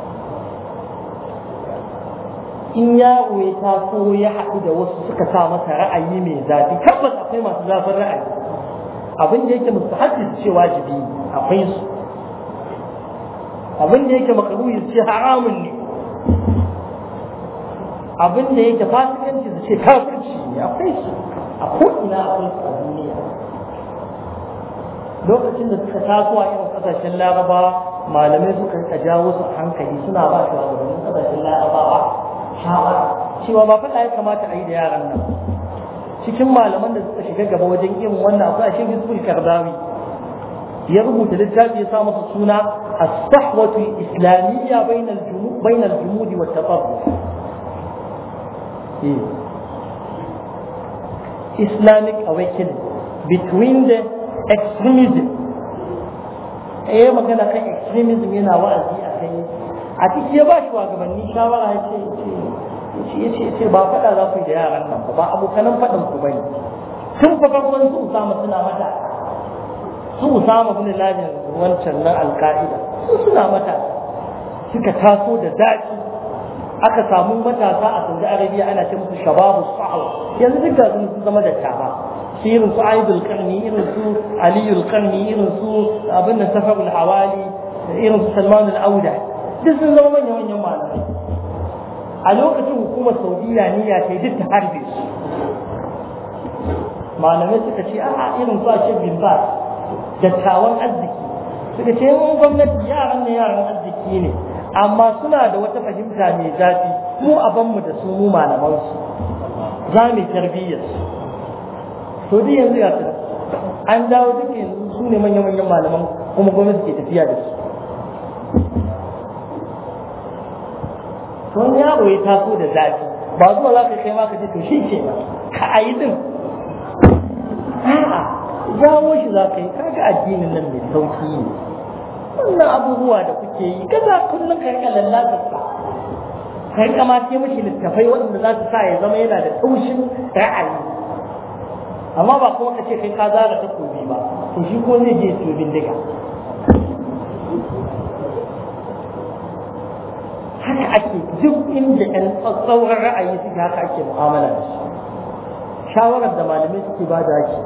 in yaro ya taso ya haɗu da wasu suka sa masa ra'ayi mai zafi tabbas akwai masu zafin ra'ayi abin da yake musu hajji ce wajibi akwai su abin da yake makaruhi ce haramun ne abin da yake fasikanci su ce kafirci akwai su a ko'ina akwai su lokacin da suka taso a irin kasashen laraba malamai suka rika jawo su hankali suna ba shi wa kasashen larabawa shawara cewa ba faɗa ya kamata a yi da yaran nan cikin malaman da suka shiga gaba wajen yin wannan akwai shi yusuf kardawi ya rubuta littafi ya sa masa suna as-sahwatu islamiyya bainal jumud bainal jumud wa tafarruq eh. Islamic awakening between the extremism yi eh, magana kan extremism yana wa'azi a kai a ciki ya ba shi wa gabanni shawara ya ce ya ce ya ce ba faɗa za ku yi da yaran nan ba abokanan faɗin ku bane tun fa farkon su usama suna mata su usama bin laden wancan nan alka'ida su suna mata suka taso da daɗi aka samu matasa a saudi arabiya ana ce musu shababu sa'aw yanzu duk ga sun zama da taba su irin su aidul karni irin su aliyul karni irin su abin da safarul hawali irin su salman al'auda duk sun zama manyan manyan malamai a lokacin hukumar saudiya niyya ta yi duk ta harbe su malamai suka ce a'a irin su a ce bin ba dattawan arziki suka ce yawan gwamnati yaran ne yaran arziki ne amma suna da wata fahimta mai zafi mu a banmu da su mu malamansu za mu tarbiyyar su to duk yanzu ya su an dawo duk yanzu su ne manya-manyan malaman kuma gwamnati ke tafiya da su tun ya ya taso da zafi ba zuwa za ka kai ma ka ce to shi ke ka a yi din a'a jawo shi za ka yi kaga addinin nan mai sauki ne wannan abubuwa da kuke yi kaza kullum ka rika lallatarsa ka kai kama sai mashi littafai waɗanda za su sa ya zama yana da taushin ra'ayi amma ba kuma ka ce kai ka zaga takobi ba to shi ko zai je su bindiga haka ake duk inda ɗan tsawon ra'ayi suke haka ake mu'amala da shi shawarar da malamai suke ba da ake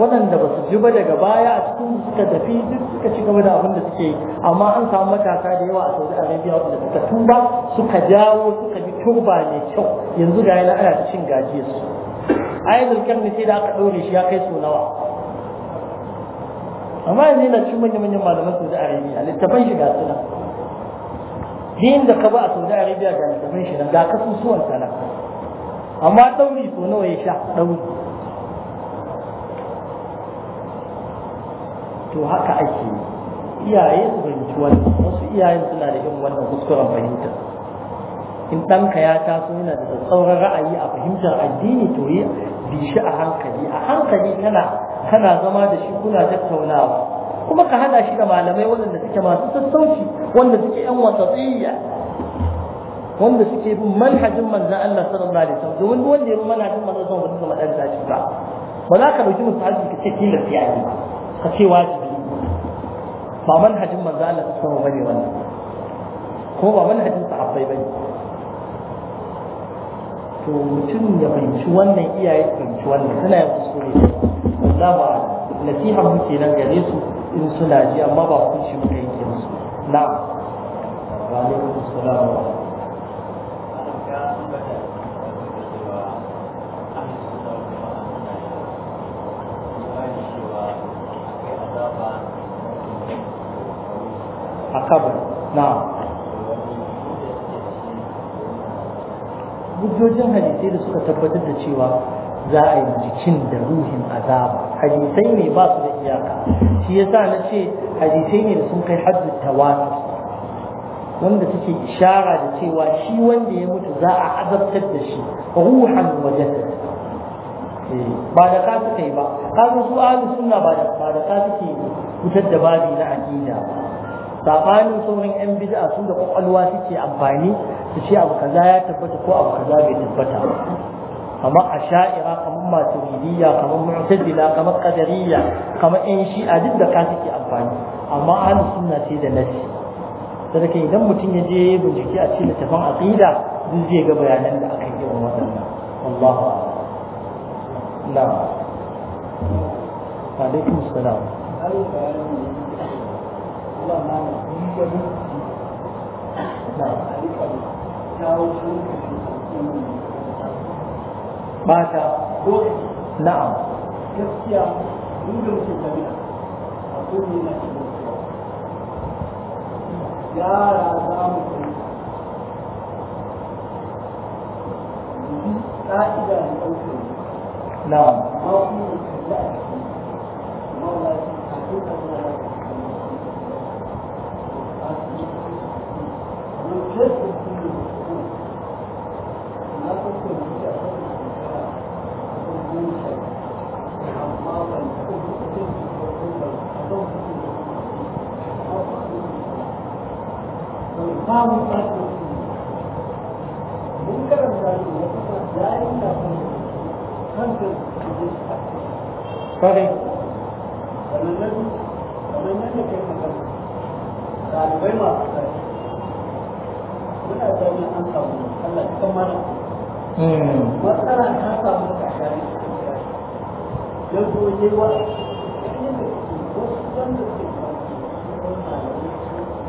waɗanda ba su ji ba daga baya a cikin suka tafi duk suka ci gaba da abin da suke amma an samu matasa da yawa a saudi arabia wanda suka tuba suka jawo suka bi turba mai kyau yanzu ga yana ana cin gaji su ai zulkar ne sai da aka ɗaure shi ya kai so nawa amma yanzu yana cin manyan manyan malaman saudi arabia littafan shi ga suna din da ka ba a saudi arabia ga littafan shi nan ga kasusuwan sana amma ɗauri so nawa ya sha ɗauri to haka ake iyaye su fahimci wannan wasu iyayen suna da irin wannan kuskuren fahimtar. in ɗanka ya taso yana da tsauran ra'ayi a fahimtar addini to yi bi shi a hankali a hankali kana kana zama da shi kuna tattaunawa kuma ka hada shi da malamai waɗanda suke masu sassauci wanda suke yan wasatsiyya wanda suke bin manhajin manzan Allah sallallahu alaihi wasallam domin wanda ya bi manhajin manzan sallallahu alaihi wasallam ba zai zama ba ba za ka dauki musahabi ka ce kila sai ayi ba ka ce wajibi ba manhajin manzan Allah sallallahu alaihi wasallam bane wannan ko ba manhajin sahabbai bane to mutum ya fahimci wannan iyaye su fahimci wannan suna yin kuskure za ba nasiha muke nan gare su in suna ji amma ba hukunci muka yanke su? na ba ne kuma salamu alaikum a kabin na hujjojin hadisai da suka tabbatar da cewa za a yi jikin da ruhin azaba hadisai ne ba su da iyaka shi yasa na ce hadisai ne da sun kai haddu tawatu wanda suke ishara da cewa shi wanda ya mutu za a azabtar da shi ruhan wa eh, ba da ka suka yi ba kaga su ahlus sunna ba da ba da ka suke fitar da babi na aqida sabanin saurin yan bid'a su da kwakwalwa suke amfani su ce abu kaza ya tabbata ko abu kaza bai tabbata kamar sha'ira, kamar maturidiyya kamar mu'tazila kamar qadariyya kamar yan shi'a duk da ka suke amfani amma an sunna sai da nasi sadaka idan mutum ya je bincike a cikin tafan aqida duk zai ga bayanan da aka yi wa wannan Allahu a'lam na'am alaikum salam mata ko na'am gaskiya inda muke tafiya a kowane yana cikin yara za mu kai ƙa'ida da ɗaukar na'am ma kuma kalli a cikin mawala kafin kwarai sanannan da kai san hmm.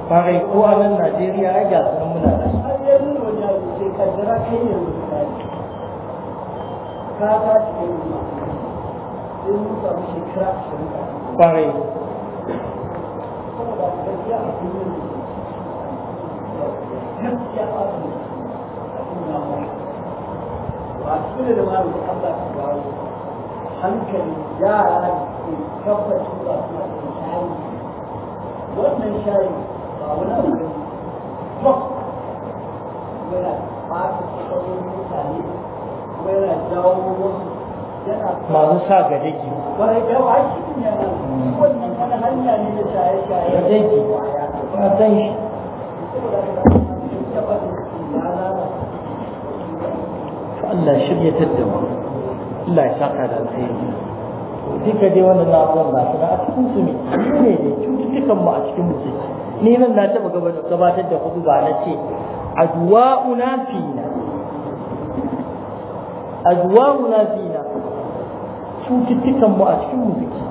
ta ko a nan Najeriya ya ga sunan muna da su. wajen ka jira Ka ta ce ma. shekara da. Kwarai. a duniya ne. Gaskiya a cikin da malu da Allah ta gawo hankali yara da ke tabbata ba su da shayi wannan shayi ba wani abu ne to yana fata cikin mutane kuma yana jawo wasu masu sa ga daki wannan wani hanya ne da shaye-shaye a daki a san shi Allah shirya tattawa Allah ya saka da alkhairi duka dai wannan abubuwan ba su a cikin su ne ne da cututtukan mu a cikin mu suke ni nan na taba gabatar da hudu ba na ce adwa'una fina adwa'una fina cututtukan mu a cikin mu suke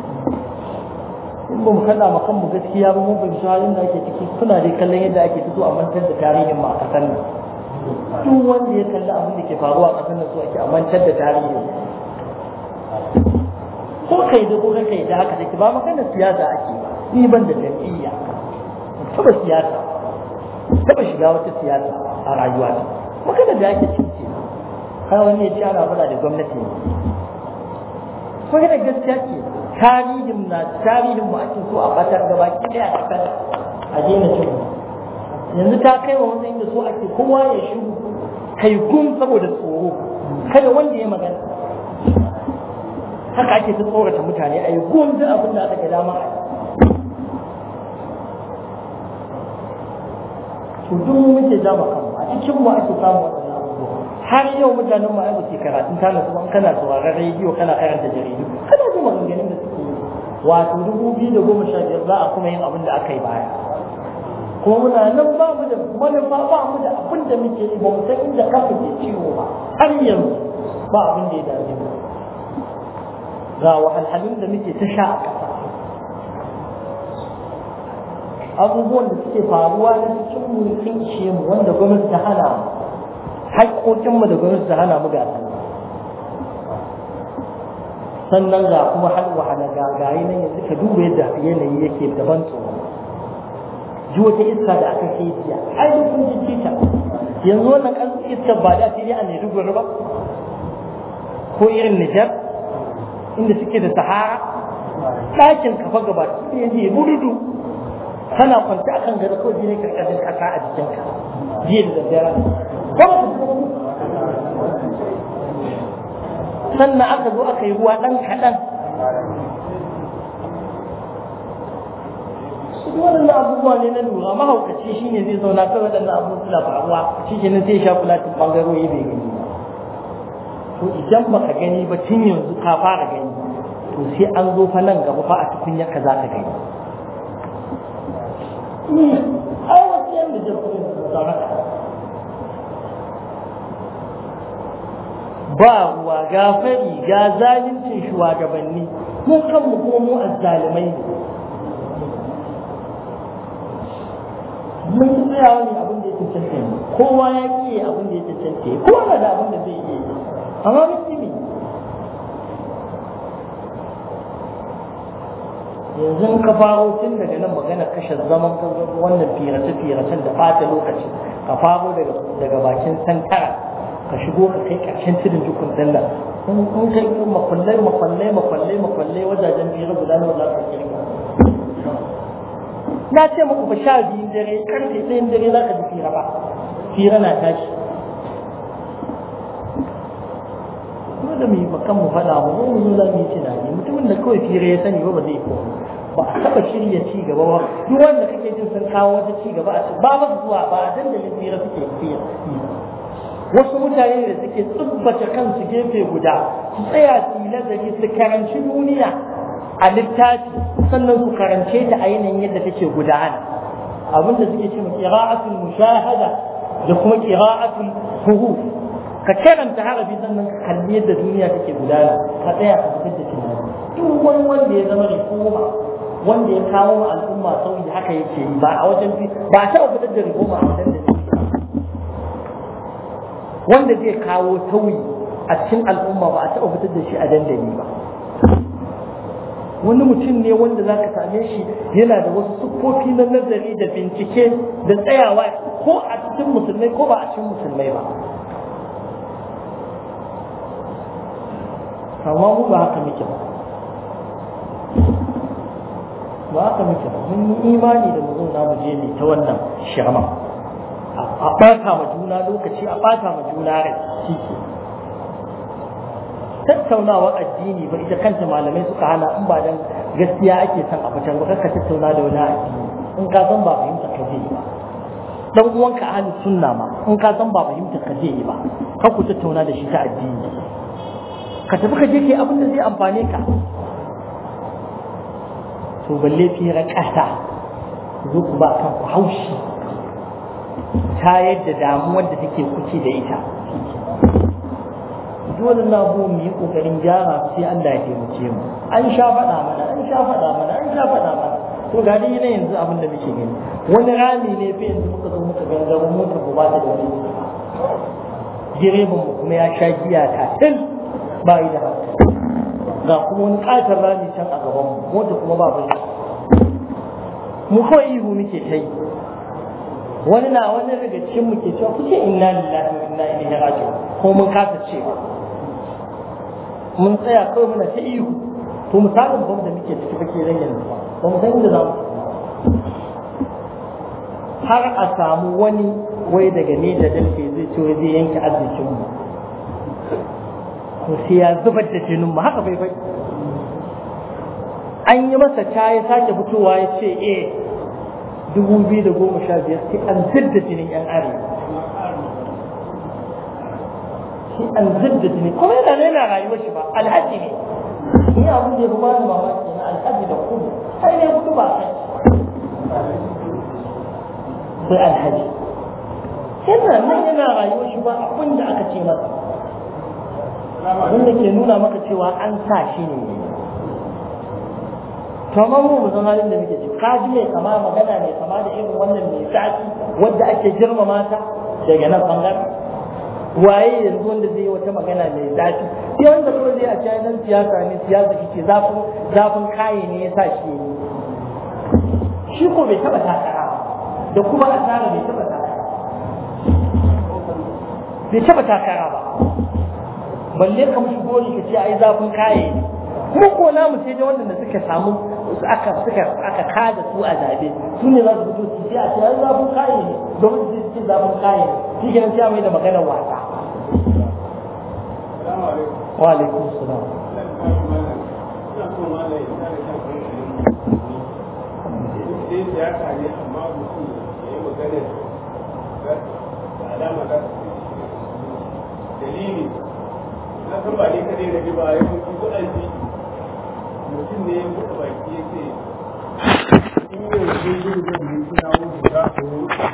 in ba mu kada ma kanmu gaskiya ba mun bin halin da ake ciki suna dai kallon yadda ake fito a mantar da tarihin ma a kasar nan duk wanda ya kalli abin da ke faruwa a kasar nan su ake amantar da tarihi ko kai da ko kai da haka take ba maganar siyasa ake ba ni ban da jam'iyya taba siyasa taba shiga wata siyasa a rayuwa ta maganar da ake cin ce har wani ya ci ana fada da gwamnati ne maganar gaskiya ce tarihin na tarihin mu ake so a batar gaba ki daya a kasar a jina cin yanzu ta kai wa wani inda so ake kowa ya shigo kai gun saboda tsoro kada wanda ya magana haka ake ta tsorata mutane a yi gun duk abin da aka gada dama a to duk muke jama kanmu a cikin mu ake samu waɗannan abubuwa har yau mutanen mu ai ke karatun tana kuma kana sauraron rediyo kana karanta jaridu kana ji ganin da suke yi wato dubu biyu da goma sha biyar za a kuma yin abin da aka yi baya ko muna nan ba mu da manufa ba mu da abin da muke yi ba mu san inda kafa fi ciwo ba har yanzu ba abin da ya dace mu ga wahalhalun da muke ta sha a ƙasa abubuwan da suke faruwa na cikin mu sun ce mu wanda gwamnati ta hana mu da gwamnati ta hana mu ga sannan ga kuma har wahala ga gayi nan yanzu ka duba yadda yanayi yake daban tsoro ji wata iska da aka ke jiya ai duk ji yanzu wannan kan iskar ba da sai dai a Maiduguri ba ko irin Nijar inda suke da Sahara ɗakin kafa gaba ɗaya ne ya bududu kana kwanta akan gado ko jini karkashin kasa a jikinka jiya da daddare sannan aka zo aka yi ruwa ɗan kaɗan wannan abubuwa ne na lura mahaukaci shi ne zai zauna kawai da abubuwa suna faruwa shi ke nan sai sha kula bangarori bai gani to idan baka gani ba tun yanzu ka fara gani to sai an zo fa nan gaba fa a cikin ka za ka gani ba ruwa ga fari ga zalincin shugabanni mun kanmu ko mu azzalimai ne mun ci ne abin da ya cancanta ne kowa ya yi abin da ya cancanta ne kowa na da abin da zai iya yi amma musulmi yanzu ka faro tun daga nan magana kashe zaman wannan firace-firacen da ɓata lokaci ka faro daga bakin sankara ka shigo ka kai ƙarshen tudun jukun sallah in kai makwallai makwallai makwallai makwallai wajajen biyar guda nawa za ka kirga na ce muku ba sha biyun dare karfe ɗayan dare za ka ji fira ba fira na tashi dole mu yi bakan mu fada ba wani zo za mu yi tunani mutumin da kawai fira ya sani ba ba zai kowa ba a taɓa shirya ci gaba ba duk wanda kake jin sun kawo wata ci gaba a ba ba zuwa ba a dandalin fira suke fira wasu mutane da suke tsubbace kansu gefe guda su tsaya su yi nazari su karanci duniya a littafi sannan su karance ta a yanayin yadda take gudana abinda suke cewa qira'atul mushahada da kuma qira'atul huhu ka karanta harafi sannan ka kalli yadda duniya take gudana ka tsaya ka fitar da tunani duk wani wanda ya zama rikoma wanda ya kawo wa al'umma sauyi haka yake yi ba a wajen ba a taɓa fitar da rikoma a wajen da wanda zai kawo sauyi a cikin al'umma ba a taɓa fitar da shi a dandali ba wani mutum ne wanda za ka same shi yana da wasu siffofi na nazari da bincike da tsayawa ko a cikin musulmai ko ba a cikin musulmai ba amma mu ba haka muke ba ba haka muke ba mun yi imani da mu na mu je ne ta wannan shirma a ɓata ma juna lokaci a ɓata ma juna rai shi ke tattaunawa addini ba ita kanta malamai suka hana in ba dan gaskiya ake son a fitar ba kanka tattauna da wani addini in ka san ba fahimta ka je ba dan uwanka ahli sunna ma in ka san ba fahimta ka je ba ka ku tattauna da shi ta addini ka tafi ka je kai abin da zai amfane ka to balle fi raƙata zo ku ba kanku haushi ta yadda damuwar da take kuke da ita dole na go mu yi kokarin gyara sai Allah ya taimake mu an sha faɗa mana an sha faɗa mana an sha faɗa mana to ga dai ne yanzu abin da muke gani wani rami ne fa yanzu muka zo muka gangaro mu ko ba da wani direban mu kuma ya sha giya ta tin ba yi da haka ga kuma wani katar rami can a gaban mu motar kuma ba bai mu kawai ihu muke ta yi wani na wani daga cikin muke cewa kuke inna lillahi wa inna ilaihi raji'un ko mun kasa cewa mun tsaya kawai muna ta ihu to mu samu ban da muke ciki fake ran yanzu ba mu san inda za mu har a samu wani wai daga ne da dalfe zai ce zai yanke arzikin mu to sai ya zubar da jinin mu haka bai bai an yi masa ya sake fitowa ya ce eh dubu biyu da goma sha biyar sai an zidda jinin yan arewa shi aljaddati ne kuma yana ne rayuwar shi ba alhaji ne ni abin da ya ba ni na alhaji da kudu Sai ne kudu ba kai sai alhaji yana nan yana rayuwar shi ba abin da aka ce masa wanda ke nuna maka cewa an sa shi ne kamar mu mu san halin da muke ciki ka ji mai kama magana mai kama da irin wannan mai sa'adi wadda ake girmama ta daga nan bangaren waye yanzu wanda zai yi wata magana mai zafi sai wanda kuma zai a cikin nan siyasa ne siyasa kike zafin zafin kaye ne ya sa shi ne shi ko bai taba takara da kuma asara bai taba takara bai taba takara ba balle ka mushi gori ka ce ai zafin kaye ne kuma ko na mu sai wanda suka samu aka suka aka kada su a zabe su ne za su fito su ce a ce zafin kaye ne domin su ce zafin kaye ne shi kenan sai mai da maganar wasa wa alaikum salam